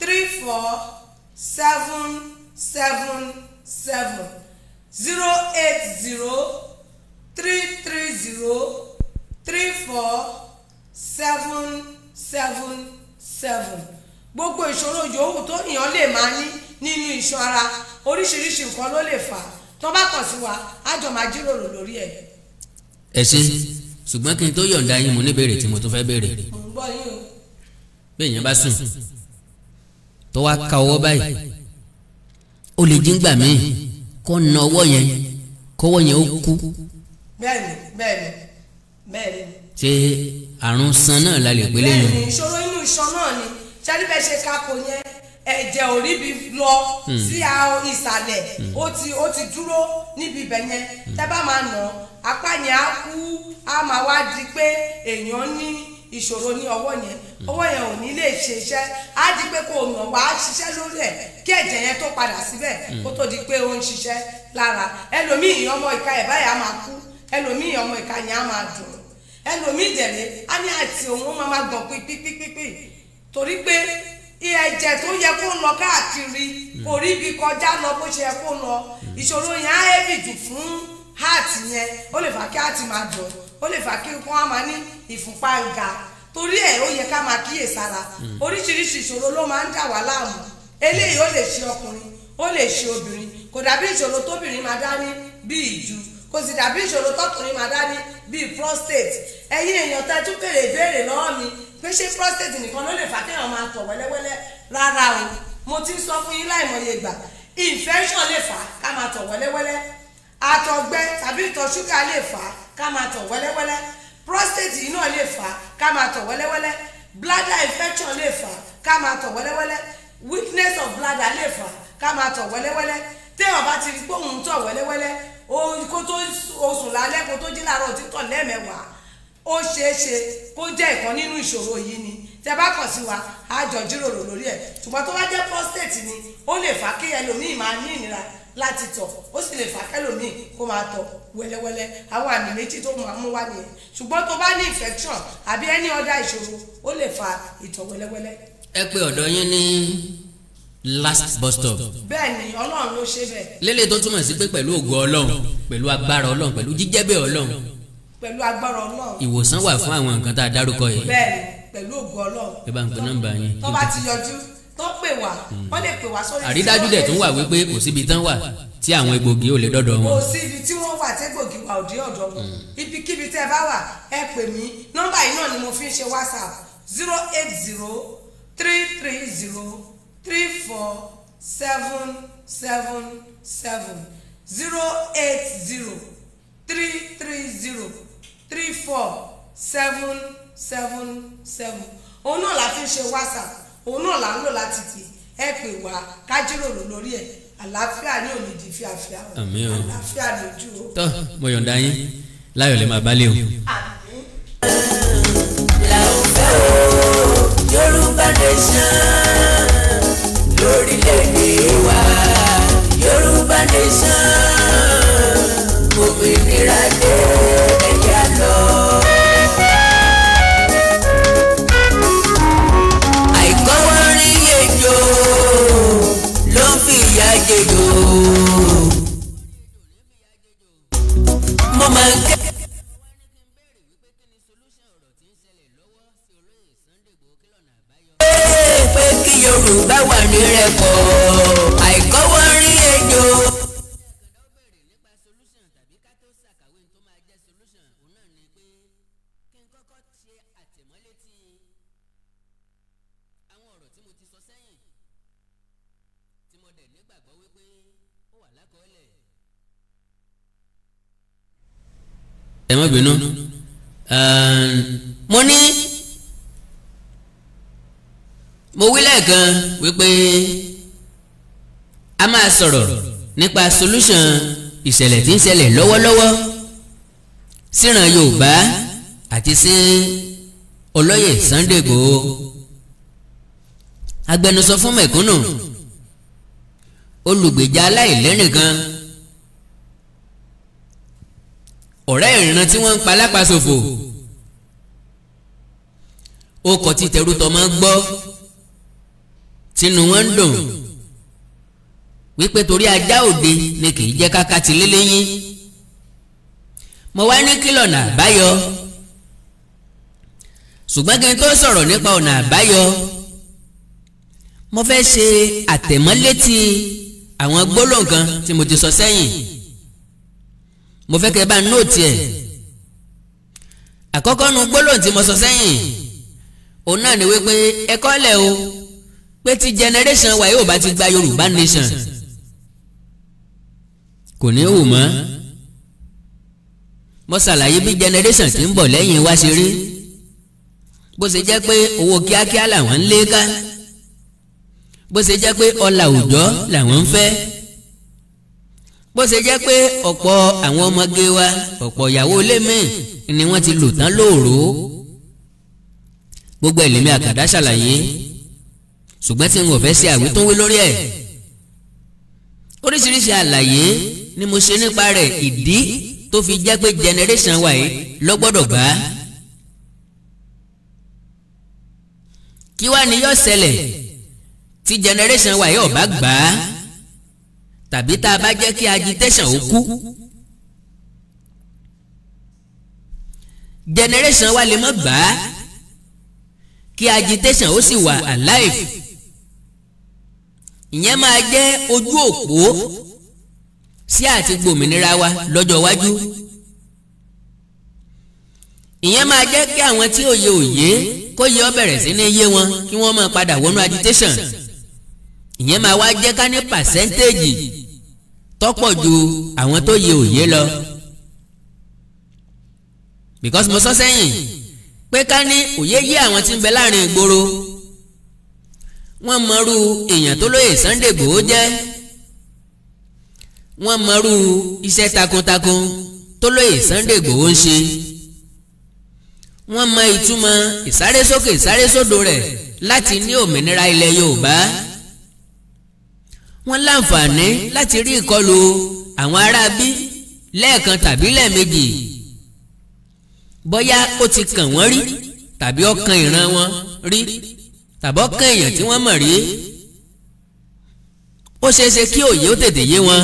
three four seven seven seven zero eight zero three three zero three four seven seven seven gbogbo ìṣòro yòówù tó èèyàn lè máa ní nínú iṣan ara oríṣiríṣi nǹkan ló lè fà á tó bá kàn sí wa á jọ máa jíròrò lórí ẹ̀. ẹ ṣe ṣùgbọ́n kí n tó yọ̀ǹda yín mo ní béèrè tí mo tún fẹ́ béèrè. mo ń gbọ́ bá sùn tó wá ka ọwọ́ báyìí ó lè jí ngbà míì kó na ọwọ́ yẹn kọ́wọ́ yẹn ó kú. bẹ́ẹ̀ni bẹ́ẹ̀ni bẹ́ẹ̀ni. ṣé àrùn san náà la lè pélé yẹn. bẹ́ẹ̀ni ìṣòro inú iṣan náà ni ṣẹ́ni bẹ́ẹ̀ ṣe kakò yẹn ẹ̀jẹ̀ ò ríbi lọ hmm. sí ìsàlẹ̀ hmm. ó ti ó ti dúró níbi ibẹ̀ yẹn hmm. tẹ́ bá máa nà apá yẹn á kú á máa wá di pé èèyàn ní ìṣòro ní ọwọ́ yẹn ọwọ́ yẹn ò ní lè ṣe iṣẹ́ á di pé kò yàn wá ṣiṣẹ́ lórí ẹ̀ kí ẹ̀jẹ̀ yẹn tó padà síbẹ̀ kó tó di pé ó ń ṣiṣẹ́ lára ẹlòmíì ọmọ ìka ẹ̀ báyà máa kú ẹlòmíì ọmọ ìka yẹn á máa dùn ẹlòmíì jẹ̀lé á ní àti òun ó máa gbọ̀n pípípípí torí pé ẹ̀jẹ̀ tó yẹ kó lọ káàkiri hmm. kò rí ibi kọjá lọ bó ṣe yẹ kó lọ hmm. ìṣòro yẹn á heavy jù fún heart yẹn ó lè fà kí heart máa dùn ó lè fà kí wọ́n máa ní ìfúnpá ń ga torí ẹ̀ ó yẹ ká máa kíyèsára hmm. oríṣiríṣi ìṣòro ló máa ń dà wá láàmú eléyìí ó lè ṣe ọkùnrin ó lè ṣe obìnrin kò dàbí ìṣòro tóbìnrin máa dání bí ìju kò sì dàbí ìṣòro tọkùnrin máa dání bí prostate ẹ̀yin èèyàn tẹ́tú kèrè ìbéèrè lọ́wọ́ mi pé prostate nìkan ló lè fà kéèyàn máa tọ̀ wẹ́lẹ́wẹ́lẹ́ rárá o mo ti sọ fún yín láìmọye ìgbà infection lè fà ká máa tọ̀ wẹ́lẹ́wẹ́lẹ́ àtọ̀gbẹ tàbí ìtọ̀ ṣúgà lè fà ká máa tọ̀ wẹ́lẹ́wẹ́lẹ́ prostate yìí náà lè fà ká máa tọ̀ wẹ́lẹ́wẹ́lẹ́ bladder infection lè fà ká máa tọ̀ wẹ́lẹ́wẹ́lẹ́ weakness of bladder lè fà ká máa tọ̀ wẹ́lẹ́wẹ́lẹ́ téèyàn bá ti rí pé òun tọ̀ wẹ́lẹ́wẹ́lẹ́ kó tó sùn lálẹ́ kó tó jí láàárọ̀ títọ̀ lẹ́ẹ̀mẹwàá ó ṣeé ṣe kó jẹ́ ìkan nínú ìṣòro yìí ni tẹ́ bá kàn sí wa á jọ jíròrò lórí ẹ̀ ṣùgbọ́n tó bá jẹ́ prostate ni ó lè fà kí ẹlòmíì máa ní ìnira láti tọ̀ ó sì lè fà kẹlòmíì kó máa tọ̀ wẹ́lẹ́wẹ́lẹ́ àwọn àmì méjì tó máa mú wá nìyẹn ṣùgbọ́n tó bá ní infection àbí any other ìṣòro ó lè fa ìtọ̀ wẹ́lẹ́wẹ́lẹ́. ẹ pé ọ̀dọ́ yín ní last bus stop. bẹ́ẹ̀ni Ọlọ́run ló ṣe bẹ́ẹ̀. lélẹ tó túmọ̀ sí pé pẹ̀lú ògo Ọlọ́run pẹ̀lú agbára Ọlọ́run pẹ̀lú jíjẹ́bẹ̀ Ọlọ́run pẹ̀lú agbára ọlọ́run. ìwòsàn wà fún àwọn nǹkan tá a dárúkọ yìí. bẹ́ẹ̀ni pẹ̀lú ògo ọlọ́run. ẹ bá ń pe nọ́mbà yín. tó ti yọjú tó pè wá hmm. wọ́n lè pè wá sórí. àrídájú dẹ̀ tún wà wípé kò síbi tán wà tí àwọn egbògi ò lè dọ́dọ̀ wọn. kò sí ibi tí wọ́n wà tí egbògi wà ò dé wọn. Hmm. ibikíbi tẹ́ bá wà ẹ pè mí nọ́mbà yìí náà ni mo fi ń ṣe whatsapp zero eight zero three three zero three four seven seven seven zero eight zero three three zero three four seven seven seven òun náà la fi ń ṣe whatsapp òun náà la ń lò láti tì ẹ pè wá ká jíròrò lórí ẹ̀ àlàáfíà ní òní di fíafíà o àlàáfíà lójú o. tọ́ mo yọ̀ǹda yín láyọ̀ lè máa bá o. Yorùbá nation lórílẹ̀ wa Yorùbá nation òmìnira dé. Yorùbá wà ní rẹpọ̀ àìkọ́wọ́ rí ejò. mo ní mo wí lẹ́ẹ̀kan wípé a máa sọ̀rọ̀ nípa solution ìṣẹ̀lẹ̀ tí ń ṣẹlẹ̀ lọ́wọ́lọ́wọ́ síran Yorùbá àti sí olóyè Sunday go agbẹnusọ fún mẹ̀kúnnù olùgbèjà aláìlẹ́rìn kan ọ̀rẹ́ ìrìnà tí wọ́n ń pa lápasòfò ọkọ̀ ti tẹ̀rù tọ́ gbọ́ tinú wọn ń dùn wípé torí ajá òde ni kì í jẹ́ káka ti léléyìn mo wá ní kílọ̀ ọ̀nà àbáyọ ṣùgbọ́n kí n tó sọ̀rọ̀ nípa ọ̀nà àbáyọ mo fẹ́ ṣe àtẹ̀mọ́létí àwọn gbólóhùn tí mo ti sọ sẹ́yìn mo fẹ́ kẹ́ bá nóòtì ẹ̀ àkọ́kọ́ nu gbólóhùn mo sọ sẹ́yìn òun náà ni wípé ẹ kọ́lẹ̀ o pé tí generation wa yóò bá ti gba yorùbá nation kò ní wù mọ́ mo ṣàlàyé bí generation ti ń bọ̀ lẹ́yìn wa ṣe rí bó ṣe jẹ́ pé owó kíákíá làwọn ń lé ká bó ṣe jẹ́ pé ọlà òòjọ́ làwọn ń fẹ́ bó ṣe jẹ́ pé ọ̀pọ̀ àwọn ọmọge wa ọ̀pọ̀ ìyàwó lémi ni wọ́n ti lò tán lóòró gbogbo ẹ̀lẹ́mí àkàdá ṣàlàyé ṣùgbọ́n tí n ò fẹ́ ṣe àwítúnwí lórí ẹ̀ oríṣiríṣi àlàyé ni mo ṣe nípa rẹ̀ ìdí tó fi jẹ́ pé generation wa yìí ló gbọ́dọ̀ gbà á. kí wá ni yóò ṣẹlẹ̀ tí generation wa yìí ò bá gbà á tàbí tá a bá jẹ́ kí agitation ó kú. generation wa lè mọ́ gbà kí agitation ó sì wà alive ìyẹn máa jẹ́ ojú òpó sí àti gbòmìnira wa lọ́jọ́ iwájú ìyẹn máa jẹ́ kí àwọn tí òye òye kó yẹ ọ́ bẹ̀rẹ̀ sí ní yé wọn kí wọ́n máa padà wọnú agitation ìyẹn máa wá jẹ́ ká ní pàṣẹ́ntéèjì tọ́pọ̀ ju àwọn tó yẹ òye lọ because mo sọ sẹ́yìn pé ká ní òye yé àwọn tí ń bẹ láàrin ìgboro wọ́n mọrú èèyàn tó lóye Sunday Igboho jẹ́ wọ́n mọrú iṣẹ́ takuntakun tó lóye Sunday Igboho ń ṣe wọ́n mọ ìtumọ̀ ìsárésókè ìsárésódò rẹ̀ láti ní òmìnira ilẹ̀ Yorùbá wọ́n láǹfààní láti rí ìkọlù àwọn aráabí lẹ́ẹ̀kan tàbí lẹ́ẹ̀mejì bóyá ó ti kàn wọ́n rí tàbí ó ìran wọn rí. rí tàbọ̀ kan èèyàn tí wọ́n mọ̀ rí ó ṣeé ṣe kí òye ó tètè yé wọn.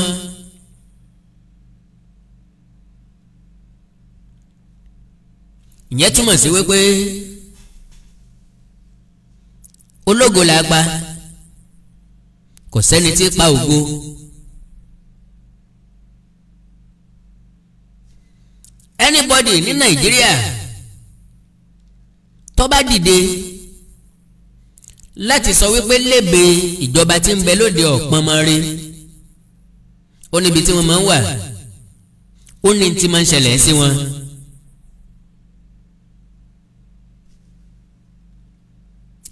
ìyẹn túmọ̀ sí wípé ológo la pa kò sẹ́ni tí pa ògo anybody ní Nàìjíríà tó bá dìde láti sọ wípé lébè ìjọba tí ń bẹ lóde ọ̀pọ̀n mọ́ rí ó níbi tí wọ́n máa ń wà ó ní tí máa ń ṣẹlẹ̀ sí wọn.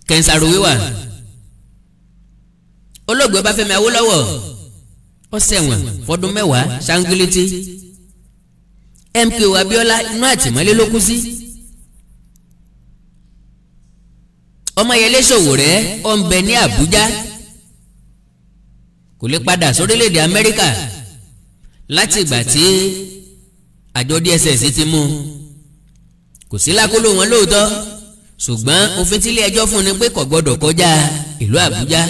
kẹ́ńsàrò wíwà olóògbé Ọbáfẹ́mi Awólọ́wọ̀ ó ṣẹ̀wọ̀n fọdún mẹ́wàá ṣáńgílítì MKO Abíọ́lá inú àtìmọ́lé ló kú sí. Si Ọmọyẹlé Sowore ó ń bẹ ní Àbújá kò lè padà sórílẹ̀‐èdè Amẹ́ríkà láti ìgbà tí àjọ DSS ti mú un kò sí lákòlò wọn lóòótọ́ ṣùgbọ́n òfin tílé ẹjọ́ fún ni pé kò gbọ́dọ̀ kọjá ìlú Àbújá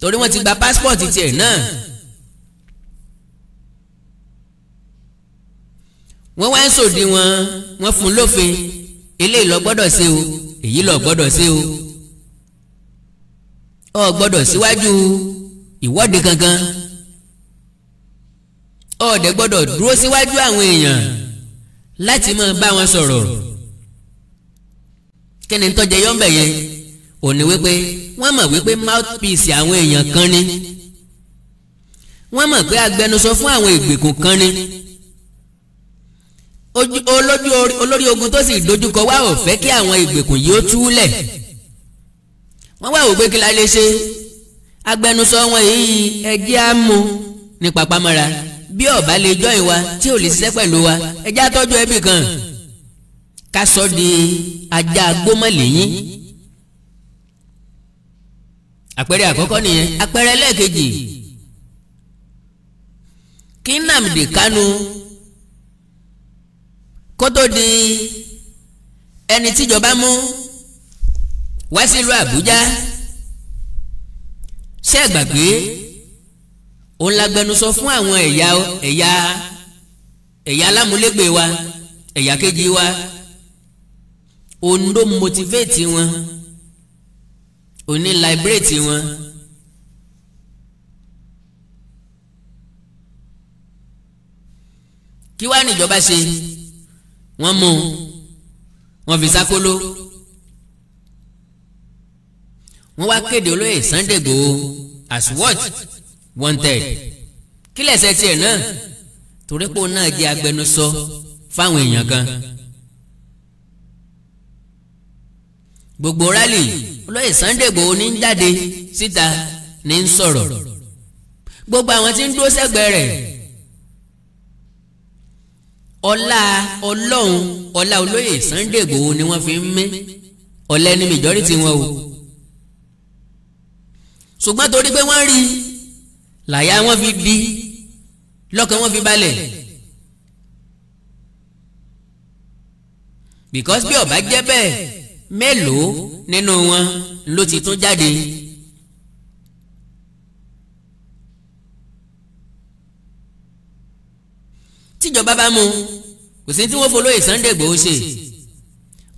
torí wọ́n ti gba pásítọ̀tì tiẹ̀ náà wọ́n wá ń sòdì wọ́n fún lófin eléyìí lọ gbọ́dọ̀ ṣe o èyí lọ gbọ́dọ̀ ṣe o ọ gbọ́dọ̀ síwájú ìwọ́de kankan ọ dẹ̀ gbọ́dọ̀ dúró síwájú àwọn èèyàn láti máa bá wọn sọ̀rọ̀ kí ni tọ́jà yọ̀ǹbẹ̀ yẹn ò ní wípé wọ́n mọ̀ wípé mouthpiece àwọn èèyàn kan ni wọ́n mọ̀ pé agbẹnusọ fún àwọn ìgbèkùn kan ni olójú olórí ogun tó sì dojúkọ wa ò fẹ́ kí àwọn ìgbèkùn yìí ó túlẹ̀ wọ́n wá ògbé kí la lè ṣe agbẹnusọ wọn yìí ẹjẹ́ á mú ní pàpàmọ́ra bí ọba lè jọyìn wa tí ò lè ṣiṣẹ́ pẹ̀lú wa ẹjẹ́ àtọ́jú ẹbí kan ká sọ di ajá agbómọ̀lẹ́yìn àpẹẹrẹ àkọ́kọ́ nìyẹn àpẹẹrẹ lẹ́ẹ̀kejì kí Nnamdi Kanu kó di ẹni tíjọba mú wá sílùú Àbújá ṣé ẹ gbàgbé òun la gbẹnusọ fún àwọn ẹ̀yà ẹ̀yà ẹ̀yà alámúlégbè wa ẹ̀yà kejì wa òun ló motivate wọn òun ní liberate wọn. kí wàá níjọba ṣe wọ́n mú wọ́n fi sákóló wọ́n wá kéde olóyè Sunday as what wanted kí lẹ̀ṣẹ̀ tiẹ̀ náà torí pé òun náà jẹ́ agbẹnusọ fáwọn èèyàn kan gbogbo rálì olóyè Sunday ní jáde síta ní ń gbogbo àwọn tí ń dúró sẹ́gbẹ̀ẹ́ ọlá ọlọ́run ọlá olóyè Sunday Igboho ni wọ́n fi ń mí ọ̀lẹ ni majority wọn o ṣùgbọ́n torí pé wọ́n rí làyà wọn fi di lọ́kàn wọn fi balẹ̀ because bí ó bá jẹ́ bẹ́ẹ̀ mélòó nínú wọn ló ti tún jáde. tíjọba bá mú kò sí tí wọ́n folóyè Sunday Igboho ṣe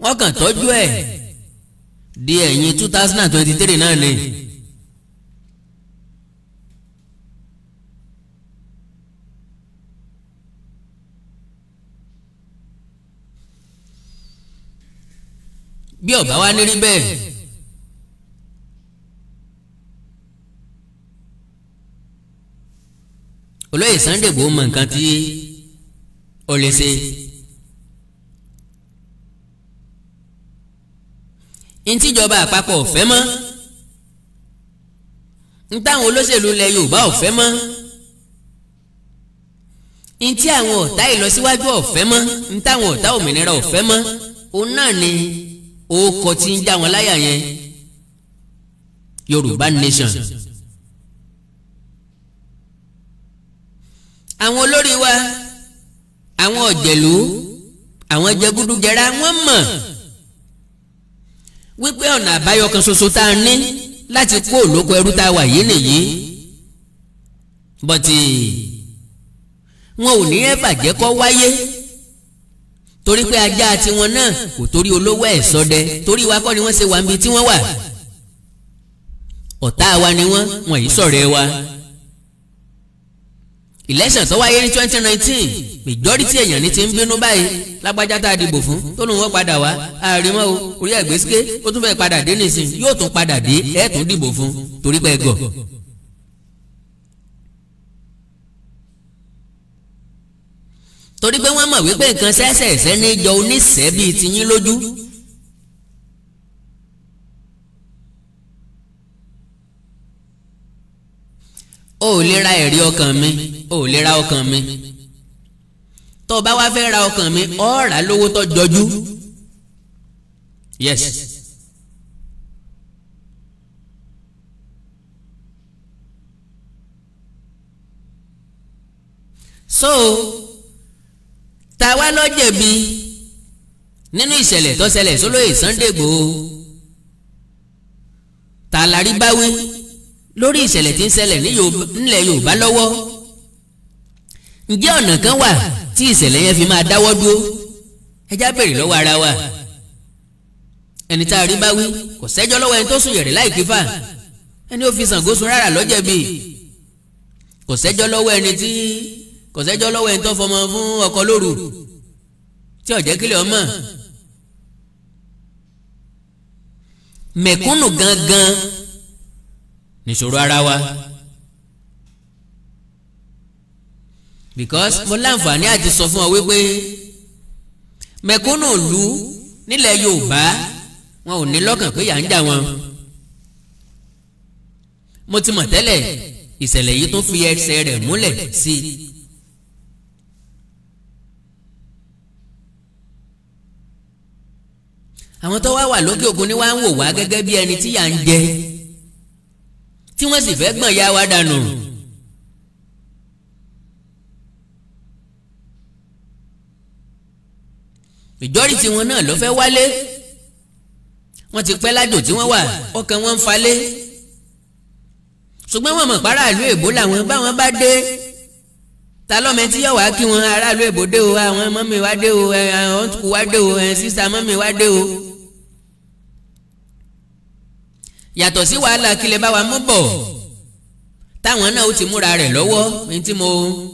wọ́n kàn tọ́jú ẹ̀ di ẹ̀yìn two thousand and twenty three náà ni. bí ọba wa ní rí bẹ́ẹ̀ olóyè Sunday Igboho mọ nǹkan tí o lè ṣe. ntíjọba àpapọ̀ ò fẹ́ mọ́ ntáwọn olóṣèlú ilẹ̀ Yorùbá ò fẹ́ mọ́ ntí àwọn ọ̀tá ìlọsíwájú ò fẹ́ mọ́ ntáwọn ọ̀tá òmìnira ò mọ́ òun náà ni orúkọ tí ń já wọn láyà yẹn Yorùbá nation. àwọn olórí wa àwọn ọ̀jẹ̀lú àwọn jẹgúdújẹrá wọ́n mọ̀ wípé ọ̀nà àbáyọ kan ṣoṣo tá a ní láti kó òlóko ẹrú tá a wà yìí nìyí bọ́tì wọn ò ní ẹ̀fà jẹ́ kó wáyé torí pé ajá tiwọn náà kò torí olówó ẹ̀ ṣọdẹ torí wa kọ́ ni wọ́n ṣe wà níbi tí wọ́n wà ọ̀tá wa ni wọ́n wọ̀nyí ṣọ̀rẹ́ wa. wa election tó wáyé ní twenty nineteen majority èèyàn ní ti ń bínú báyìí lágbájá tá a dìbò fún tó lóun wọ́n padà wá ààrẹ mọ́ o orí ẹ̀gbẹ́síké ó tún fẹ́ padà dé nìsín yóò tún padà dé ẹ̀ tún dìbò fún torí pé gọ̀. torí pé wọ́n mọ̀ wípé nǹkan ṣẹ́ṣẹ̀ṣẹ́ ní jọ oníṣẹ́ bíi tiyín lójú o ò lè ra ẹ̀rí ọkàn mi. mi ò lè ra ọkàn mi tó o bá wá fẹ́ ra ọkàn mi ọ̀ rà lówó tó jọjú yes. so tàwa ló jẹ̀bi nínú ìṣẹ̀lẹ̀ tó ṣẹlẹ̀ sólóyè Sunday Igboho tàlàrí báwí lórí ìṣẹ̀lẹ̀ tí ń ṣẹlẹ̀ nílẹ̀ Yorùbá lọ́wọ́ ǹjẹ́ ọ̀nà kan wà tí ìṣẹ̀lẹ̀ yẹn fi máa dáwọ́ dúró ẹ já béèrè lọ́wọ́ ara wa ẹni tá a rí bá wí kò sẹ́jọ́ lọ́wọ́ ẹni tó sùn yẹ̀rẹ̀ láì kífà ẹni ó fi Ṣàngó sun rárá lọ́jẹ̀ bíi kò sẹ́jọ́ lọ́wọ́ ẹni tí kò sẹ́jọ́ lọ́wọ́ ẹni tó fọmọ fún ọkọ lóru tí ọ̀jẹ́ kílẹ̀ ọmọ mẹ̀kúnnù gangan nìṣòro ara wa. because mo láǹfààní àti sọ fún ọ wípé mẹ̀kúnnù ìlú nílẹ̀ Yorùbá wọn ò ní lọ́kàn pé yà ń jà wọn mo ti mọ̀ tẹ́lẹ̀ ìṣẹ̀lẹ̀ yìí tó fi ẹsẹ̀ rẹ̀ múlẹ̀ sí i. àwọn tó wá wà lókè òkun ni wọ́n á ń wò wá gẹ́gẹ́ bí ẹni tí yà ń jẹ tí wọ́n sì fẹ́ gbọ̀n ya wa dànù. majority wọn náà ló fẹ́ wálé wọ́n ti pẹ́ lájò tí wọ́n wà ọkàn wọn ń falé ṣùgbọ́n wọn mọ̀ pàrà ìlú èbó làwọn báwọn bá dé ta lọ́mọ tí yọ̀ wá kí wọn aráàlú èbó dé o àwọn mọ́mí wá dé o àwọn ọ̀tùkù wá dé o sísá mọ́mí wá dé o. yàtọ̀ sí wàhálà kílẹ̀ bá wa mú bọ̀ táwọn náà ó ti múra rẹ̀ lọ́wọ́ ní tí mo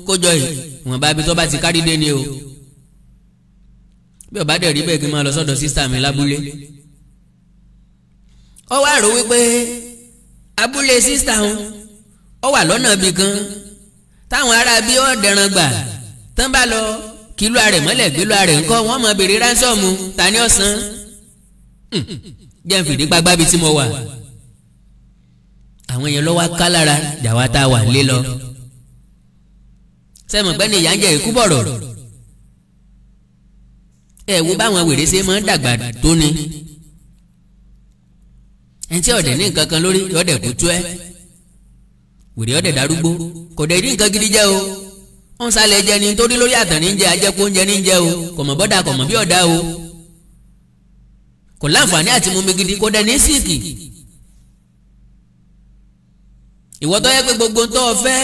kó jọ ibi tó bá ti kárí dé ni o bí ọba dẹ̀ rí bẹ́ẹ̀ kí n máa lọ sọ́dọ̀ sísá mi lábúlé ó wá rò wípé abúlé sísá òun ó wà lọ́nà ibì kan táwọn ará bí ó dẹran gbà tán bá lọ kí lóa rẹ̀ mọ́lẹ̀ gbé lóa rẹ̀ ńkọ́ wọ́n mọ̀ béèrè ránsọ́ọ̀mù ta ni ọ̀sán hmm, jẹ́ n fìdí gbagbá bíi tí mo wà àwọn yẹn lọ́wọ́ ká lára jàwá tá a wà lé lọ sẹ́mu pẹ́ ìyá ń jẹ́ ìkú bọ̀rọ̀ ẹ wo báwọn wèrè ṣe máa ń dàgbà tó ni ẹni tí ọ̀dẹ̀ ní nǹkan kan lórí ọ̀dẹ̀ kú tú ẹ wèrè ọ̀dẹ̀ darúgbó kò dẹ̀ ní nǹkan gidi jẹ́ o wọ́n sálẹ̀ jẹ ni nítorí lórí àtàn ní jẹ ajẹ́kú oúnjẹ ní jẹ o kò mọ̀ bọ́dà kò mọ̀ bí ọ̀dà o kò láǹfààní àti mumi gidi kò dẹ̀ ní síìkì ìwọ́tọ́ yẹ pé gbogbo ń tọ́ ọ fẹ́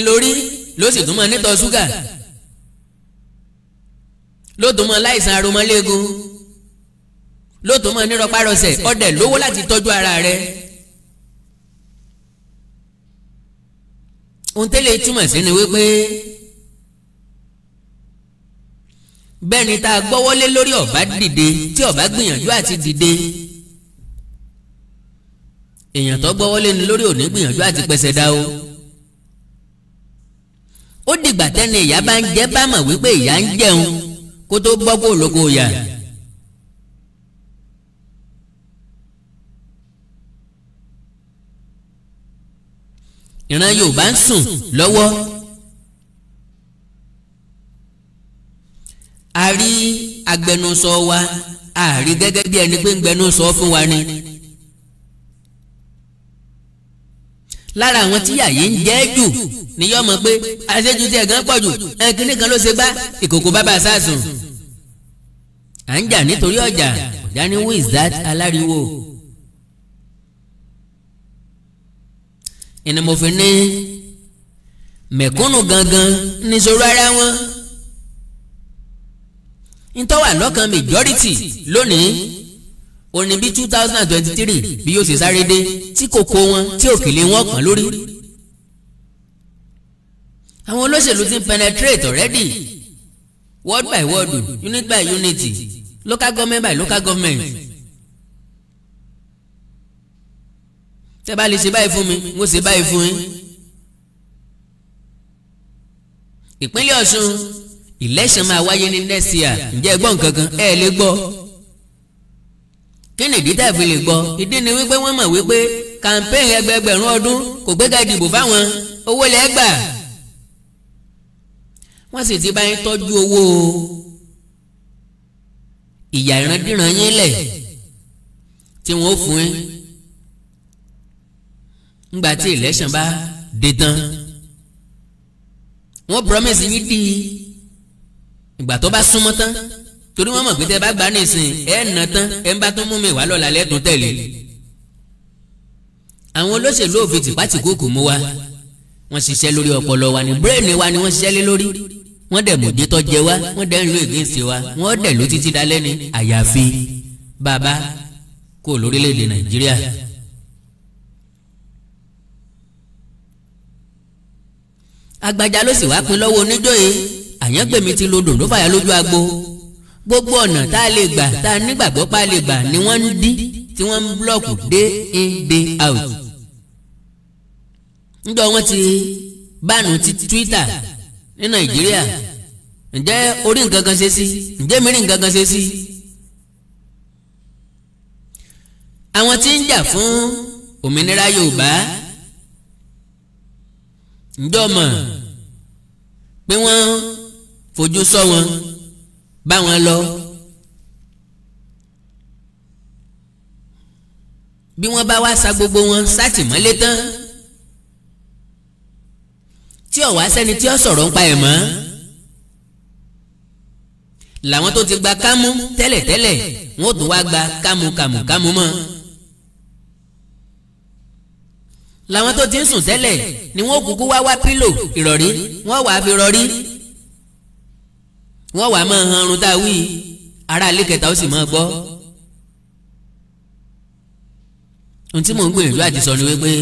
ńlórí ló sì tún máa nítọ́ ṣúgà lóòótọ́ mọ láìsàn aromọléegun lóòótọ́ mọ nírọpárọsẹ̀ ọdẹ lówó láti tọ́jú ara rẹ. ohun tẹ́lẹ̀ túmọ̀ sí ni wípé bẹ́ẹ̀ ni tá a gbọ́wọ́lé lórí ọ̀bá dìde tí ọ̀bá gbìyànjú àti dìde èèyàn tó gbọ́wọ́lé ni lórí òní gbìyànjú àti pẹsẹ̀ dá o ó dìgbà tẹ́ni ìyá bá ń jẹ bá mọ̀ wípé ìyá ń jẹun kó tó bọ́ kó lóko yá. ìran Yorùbá ń sùn lọ́wọ́ a rí agbẹnusọ wa a rí gẹ́gẹ́ bí ẹni pé ń gbẹnusọ fún wa ni. lára àwọn tí yàyí ń jẹ́ jù ni yọ́ mọ̀ pé àṣejù tí ẹ̀gán pọ̀ jù ẹ̀kíní kan ló ṣe gbá ìkòkò bàbá sásùn. à ń jà nítorí ọjà ọ̀já ni who is that aláriwo. ìní mo fi ní mẹ̀kúnnù gangan níṣòro ara wọn ntọ́wà lọ́kàn majority lónìí ó ní bí two thousand and twenty three bí yóò ṣe sáré dé tí kòkó wọn tí òkèlè wọn kàn lórí. àwọn olóṣèlú ti penetrate already word by word unit by unit, local government by local government. tẹ́ bá lè ṣe báyìí fún mi mo ṣe báyìí fún yín. ìpínlẹ̀ Ọ̀ṣun election máa wáyé ní next year ǹjẹ́ ẹ gbọ́ nǹkan kan ẹ lè gbọ́ kí nìdí tẹ̀ fi lè gbọ́ ìdí ni wípé wọ́n mọ̀ wípé kàmpéènì ẹgbẹgbẹ̀rún ọdún kò gbéga ìdìbò fáwọn owó lẹ́ gbà wọ́n sì ti bá yín tọ́jú owó ìyà ìrandíran yín lẹ̀ tí wọ́n fún yín ńgbà tí election bá dé tán wọ́n promise yín di ìgbà tó bá súnmọ́ tán torí wọ́n mọ̀ pé tẹ́ bá gbà nísìn ẹ̀ nà tán ẹ̀ ń bá tún mú mi wá lọ́la lẹ́tún tẹ̀lé àwọn olóṣèlú òfin tìpátì kúkú mú wa wọ́n ṣiṣẹ́ lórí ọpọlọ wa ní bírèèni wa ni wọ́n ṣiṣẹ́ lé lórí wọ́n dẹ̀ mọ̀jẹ́tọ́ jẹ wa wọ́n dẹ̀ ń lo ìgbésẹ̀ wa wọ́n dẹ̀ ló títí dalẹ́ ni àyàfi bàbá kó lórílẹ̀ nàìjíríà. agbájá ló sì wá pin lọ́wọ́ oníjó yìí àyàngbèmí ti lo dòdò fàyà lójú agbo gbogbo ọ̀nà tá a lè gbà tá a nígbàgbọ́ pa lè gbà ni wọ́n ń dí tí wọ́n ń búlọ́ọ̀kù day in day out. nígbà wọn ti bánu ti Twitter ní Nàìjíríà ǹjẹ́ orí nǹkan kan ṣe sí ǹjẹ́ mìíràn nǹkan kan ṣe sí. àwọn tí ń jà fún òmìnira Yorùbá ǹjọ́ mọ̀ pé wọ́n fojú sọ wọn. So bá wọn lọ bí wọ́n bá wá sa gbogbo wọn sátìmọ́lé tán tí ó wá tí ó sọ̀rọ̀ ń pa ẹ̀ mọ́ làwọn tó ti gba kámú tẹ́lẹ̀tẹ́lẹ̀ wọ́n tó wá gba kámú kámú kámú mọ́ làwọn tó ti ń sùn tẹ́lẹ̀ ni wọ́n kúkú wá wá pílò ìrọ̀rí wọ́n wàá fi rọrí wọ́n wàá máa han irun tá a wí ará ilé kẹta ó sì máa gbọ́. ohun tí mò ń gbìyànjú àti sọ ni wípé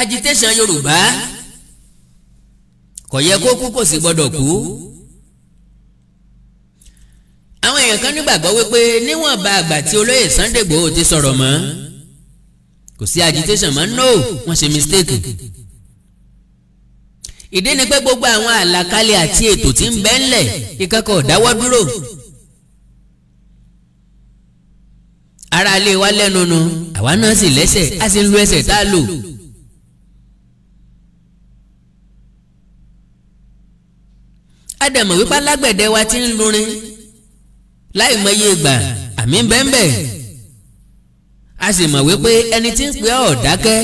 agitation Yorùbá kò yẹ kó kú kò sì gbọdọ̀ kú àwọn èèyàn kan nígbàgbọ́ wípé níwọ̀n bá àgbà tí olóyè Sunday Igboho ti sọ̀rọ̀ mọ́ kò sí agitation mọ́ no wọ́n ṣe mistake. ìdí ni pé gbogbo àwọn àlàkalẹ̀ àti ètò tí ń bẹ ńlẹ̀ ìkẹ́kọ̀ọ́ dáwọ́ dúró ara ilé wa lẹ́nu nu àwa náà sì lẹ́sẹ̀ a sì ń lu ẹsẹ̀ tá a lò. wípé wa ti ń lurin láì mọye ìgbà a sì mọ̀ wípé ẹni tí ń pè ọ́ dákẹ́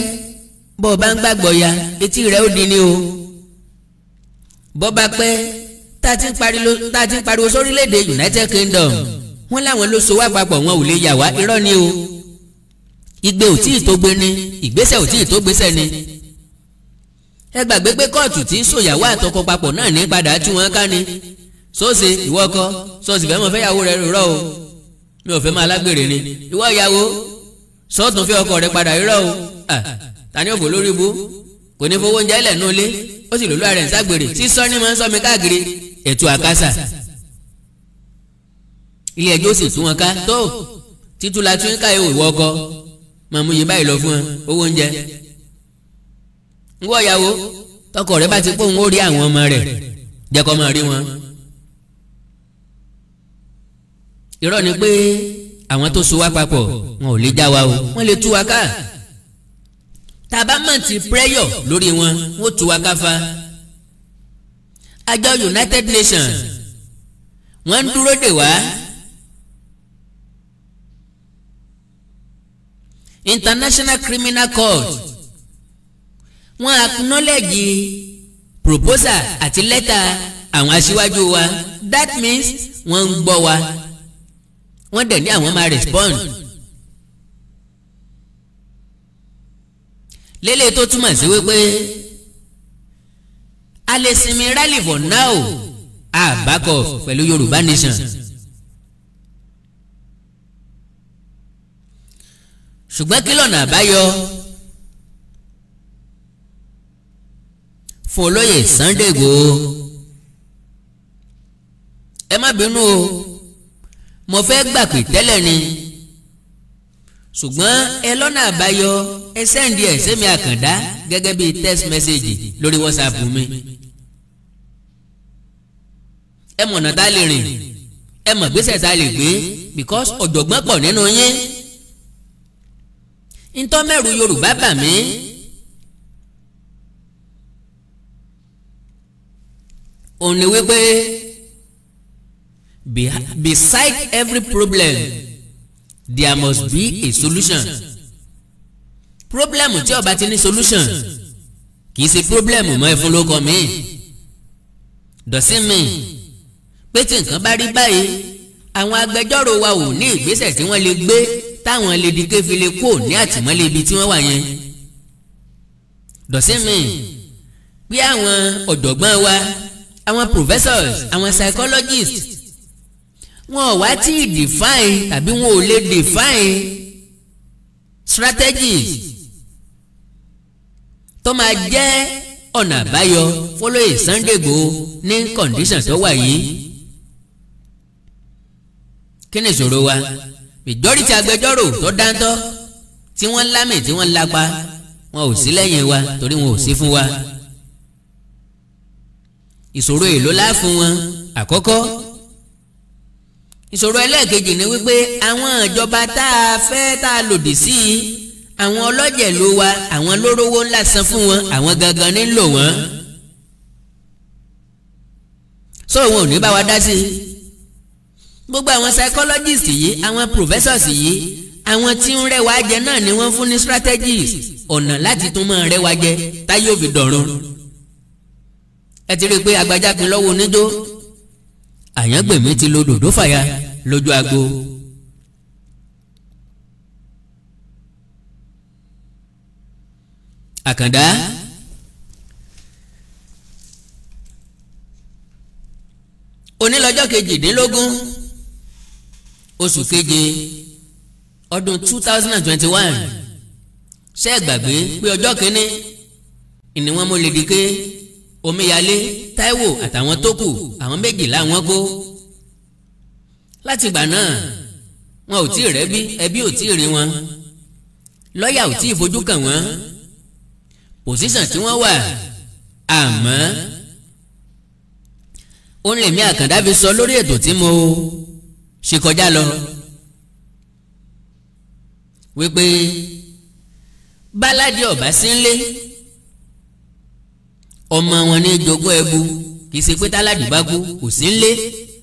bó ya etí ó di o. bọ́ba pẹ́ tá a ti ń pariwo sórílẹ̀-èdè United Kingdom wọ́n láwọn ló so wá papọ̀ wọn ò lè yà wá irọ́ ni o igbe ò tí ì tó gbé ni ìgbésẹ̀ ò tí ì tó gbésẹ̀ ni ẹ gbàgbé pé kóòtù tí sòyàwó àtọkọ papọ̀ náà ní padà tí wọ́n ká ni sóòsì ìwọ ọkọ sóòsì fẹ́ mọ̀ fẹ́ yàwó rẹ rírọ́ o mi ò fẹ́ máa lágbèrè ni ìwọ ìyàwó sóòtún fẹ́ ọkọ rẹ padà rírọ́ o ta ni òfò lórí ibú kò ní fowó oúnjẹ ilẹ̀ nulẹ̀ ó sì lòlú ààrẹ ìságbèrè sísọ ni máa ń sọ mi káàkiri ètò àkásà ilé ẹjọ́ sì tú wọn ká tó títú la tún káyọ̀ ìwọ ọkọ màá mú iye báyìí lọ fún ọ owó oúnjẹ ń wọ ìyàwó tọkọ rẹ bá ti pọ̀ òun ó rí àwọn ọmọ rẹ jẹ́ kó máa rí wọn. irọ́ ni pé àwọn tó so wá papọ̀ wọn ò lè já wa o wọ́n lè tú wa ká tabamọ̀ntì prayer, lórí wọn wọ́n tú wa káfa àjọ United Nations wọ́n ń dúró dè wá International Criminal Court wọ́n acknowledge proposal àti lẹ́tà àwọn aṣíwájú wa that means wọ́n ń gbọ́ wa wọ́n dẹ̀ ní àwọn máa respond. respond lele tó túmọ̀ sí wípé a lè sinmi rally for now a back off pẹ̀lú Yorùbá nation. ṣùgbọ́n kí lọ́nà àbáyọ fòlóyè Sunday Igboho ẹ má bínú o mo fẹ́ gbà pé tẹ́lẹ̀ ni ṣùgbọ́n ẹ lọ́nà àbáyọ ẹ sẹ́ǹdì ẹ̀ sẹ́mi àkàndá gẹ́gẹ́ bíi text message lórí whatsapp mi ẹ mọ̀nà tá a lè rìn ẹ mọ̀ gbèsè tá a lè gbé because ọ̀jọ̀gbọ́n pọ̀ nínú yín ntọ́mẹ̀rù yorùbá bà mí òun ni wípé beside every problem there must be a solution problem tí ó bá ti ní solution kì í ṣe problem mọ́ ẹ̀fún ló kọ́ mi dọ̀sí mi pé tí nǹkan bá rí báyìí àwọn agbẹjọ́rò wa ò ní ìgbésẹ̀ tí wọ́n lè gbé táwọn lè di kéfìlè kò ní àtìmọ́lé ibi tí wọ́n wà yẹn dọ̀sí mi pé àwọn ọ̀jọ̀gbọ́n wa àwọn professors àwọn psychologists wọn ò wá tí ì define tàbí wọn ò lè define strategies tó máa jẹ́ ọ̀nà àbáyọ fọlọ́yè Sunday Igboho ní condition tó wà yìí kí ni ìṣòro wa majority agbẹjọ́rò tó dáńtọ́ tí wọ́n lámì tí wọ́n lápa wọn ò sí lẹ́yìn wa torí wọn ò sí fún wa ìṣòro èlò lá wọn àkọ́kọ́ ìṣòro ẹlẹ́ẹ̀kejì ni wípé àwọn ìjọba tá a fẹ́ tá a lòdì sí i àwọn ọlọ́jẹ̀ ló wa àwọn lórówó ńlá san fún wọn àwọn gangan ní lò wọ́n so wọn ò ní bá wa dá sí i gbogbo àwọn psychologist yìí àwọn professors yìí àwọn tí ń rẹwà jẹ náà ni wọ́n fún ní strategies ọ̀nà láti tún máa rẹwà jẹ táyé òfin dọ̀run ẹ ti rí i pé agbájá kan lọ́wọ́ oníjó àyàngbèmí ti lo dòdó fàya lójú agbo. àkàndá onílọ́jọ́ kejìdínlógún oṣù keje ọdún two thousand and twenty-one ṣé ẹ gbàgbé pé ọjọ́ kínní ni wọ́n mú lédìké omíyalé Taiwo, àtàwọn tó kù àwọn méjìlá wọn kó látìgbà náà wọn ò tí ì rẹ́bí ẹbí ò tí ì rí wọn lọ́ọ̀yà ò tí ì fojú kàn wọ́n pòsíṣàn tí wọ́n wà àmọ́ ó lèmi àkàndá fi sọ lórí ètò tí mo ṣe kọjá lọ wípé báládì ọ̀bá sí ń lé ọmọ wọn ní jogún ẹbu kì í ṣe pé táládì bá kú kò sí nílé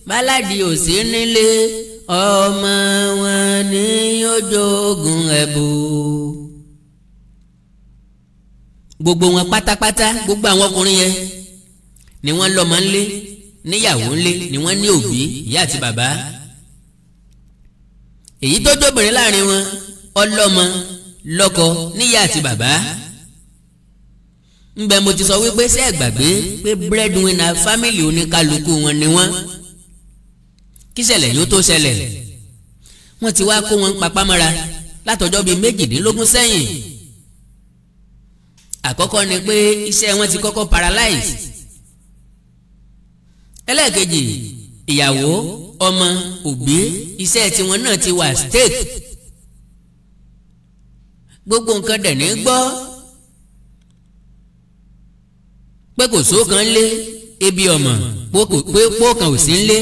báládì ò sí nílé ọmọ wọn ní yóò jogún ẹbu. gbogbo wọn pátápátá gbogbo àwọn ọkùnrin yẹn ni wọ́n lọ́mọ ńlé níyàwó ńlé ni wọ́n ní òbí ìyá àti bàbá èyí tó jóbìnrin láàrin wọn ọlọ́mọ lọ́kọ níyà àti bàbá ńbẹ mo ti sọ wípé ṣé ẹ gbàgbé pé breadwinner family oníkálukú wọn ni wọ́n kíṣẹ̀lẹ̀ yóò tó ṣẹlẹ̀ wọ́n ti wá kó wọn papá mọ́ra látọjọ́ bíi méjìdínlógún sẹ́yìn àkọ́kọ́ ni pé iṣẹ́ wọn ti kọ́kọ́ paralyze ẹlẹ́ẹ̀kejì ìyàwó ọmọ òbí iṣẹ́ tiwọn náà ti wà stake gbogbo nǹkan dẹ̀ ní gbọ́ pé kò sóòkan lé ebi ọmọ pé pọ́ọ̀kan ò sí ń lé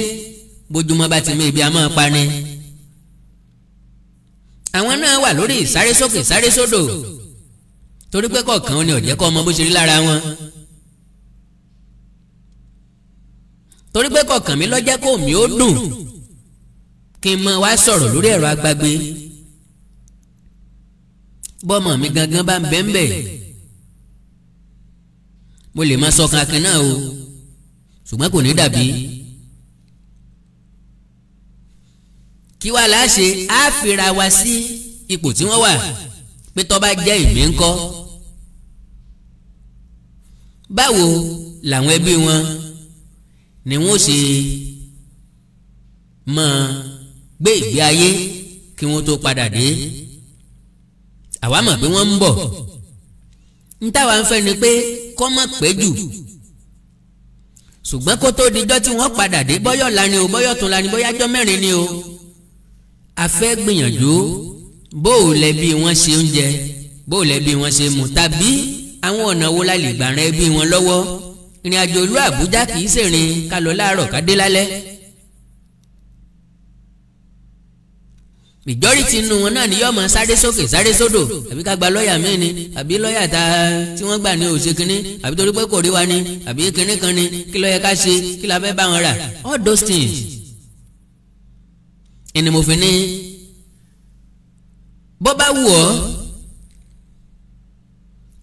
bójúmọ́ bá ti mú ibi a máa parin. àwọn náà wà lórí ìsáré sókè sáré sódò torí pé kọ̀ọ̀kan ni ọ̀jẹ́ kọ́ ọmọ bó ṣe rí lára wọn. torí pé kọ̀ọ̀kan mi lọ́jẹ́ kó mi ó dùn kí n mọ wá sọ̀rọ̀ lórí ẹ̀rọ agbagbe bọ́mọ mi gangan bá ń bẹ́ẹ̀ bẹ́ẹ̀ mo lè máa sọ kankan náà o ṣùgbọ́n kò ní dàbí. kí wàá láṣẹ á fira wa sí ipò tí wọ́n wà pé tó bá jẹ́ ìmí ńkọ́ báwo làwọn ẹbí wọn ni wọ́n ṣe máa gbé ìgbé ayé kí wọ́n tó padà dé àwa mọ̀ pé wọ́n ń bọ̀ ń táwa ń fẹ́ ni pé kọ́ mọ̀ pé jù ṣùgbọ́n kó tó dijọ́ tí wọ́n padà dé bọ́yọ̀ lani o bọ́yọ̀ tún lani bóyá jọ́ mẹ́rin ni o a fẹ́ gbìyànjú bó o lẹ bí wọ́n ṣe ń jẹ bó o lẹ bí wọ́n ṣe mú tàbí àwọn ọ̀nà wo la lè gbà ràn ẹbí wọn lọ́wọ́ ìrìn àjò ìlú Àbújá kì í ṣèrìn ká láàárọ̀ ká lálẹ́ majority nínú wọn náà ni yóò máa sáré sókè sáré sódò àbí ká gba lọ́ọ̀yà míì ni àbí lọ́ọ̀yà tá a tí wọ́n gbà ní òṣè kínní àbí torí pé kò rí wa ni àbí kínní kan ni kí ló yẹ ká ṣe kí la fẹ́ bá wọn rà all those things. ẹni mo fi ní bọ́ bá wù ọ́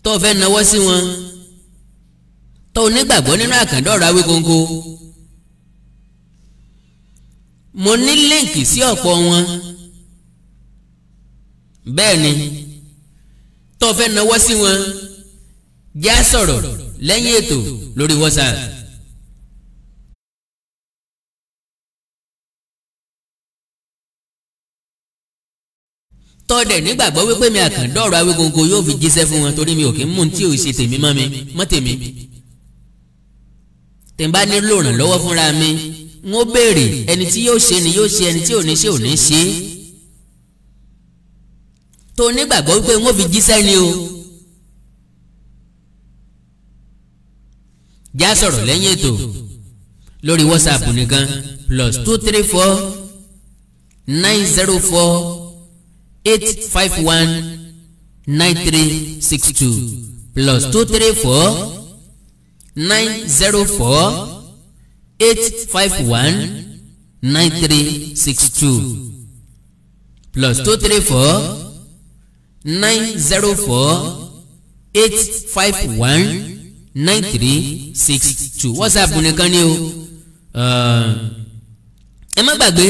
tó fẹ́ náwó sí wọn tó o nígbàgbọ́ nínú àkàndọ̀rọ̀ Awíkonko mo ní líǹkì sí ọ̀pọ̀ wọn bẹ́ẹ̀ ni tó o fẹ́ náwó sí wọn já sọ̀rọ̀ lẹ́yìn ètò lórí WhatsApp. tọ́dẹ̀ nígbàgbọ́ wípé mi àkàndọ̀rọ̀ Awíkonko yóò fi jíṣẹ́ fún wọn torí mi ò kí ń mú tí ò ṣe tèmi mọ́ mi mọ́ tèmi. tí n bá nílò ìrànlọ́wọ́ fúnra mi n ó béèrè ẹni tí yóò ṣe ni yóò ṣe ẹni tí ò ní ṣe ò ní ṣe é tó nígbàgbọ́ wípé wọ́n fi jíṣẹ́ ni o. já sọ̀rọ̀ lẹ́yìn ètò lórí whatsapp nìkan plus two three four nine zero four eight five one nine three six two plus two three four nine zero four eight five one nine three six two plus two three four nine zero four eight five one nine three six two whatsapp nìkan ni o ẹ má gbàgbé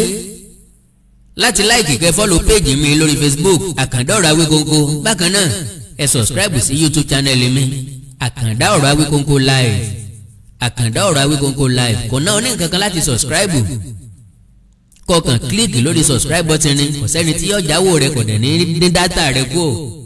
láti láìkì kẹ́ fọ́lọ̀ péèjì mi lórí facebook àkàndá ọ̀rọ̀ Awikonko bákan náà ẹ sọ̀sìkírábù sí youtube channel mi àkàndá ọ̀rọ̀ Awikonko live àkàndá ọ̀rọ̀ Awikonko live kò náà ní nǹkan kan láti sọ̀sìkírábù kọkàn kílíkì lórí subscribe button ni kò sẹ́ni tí yọ̀jáwó rẹ kò dẹ̀ ní dátà rẹ kú o.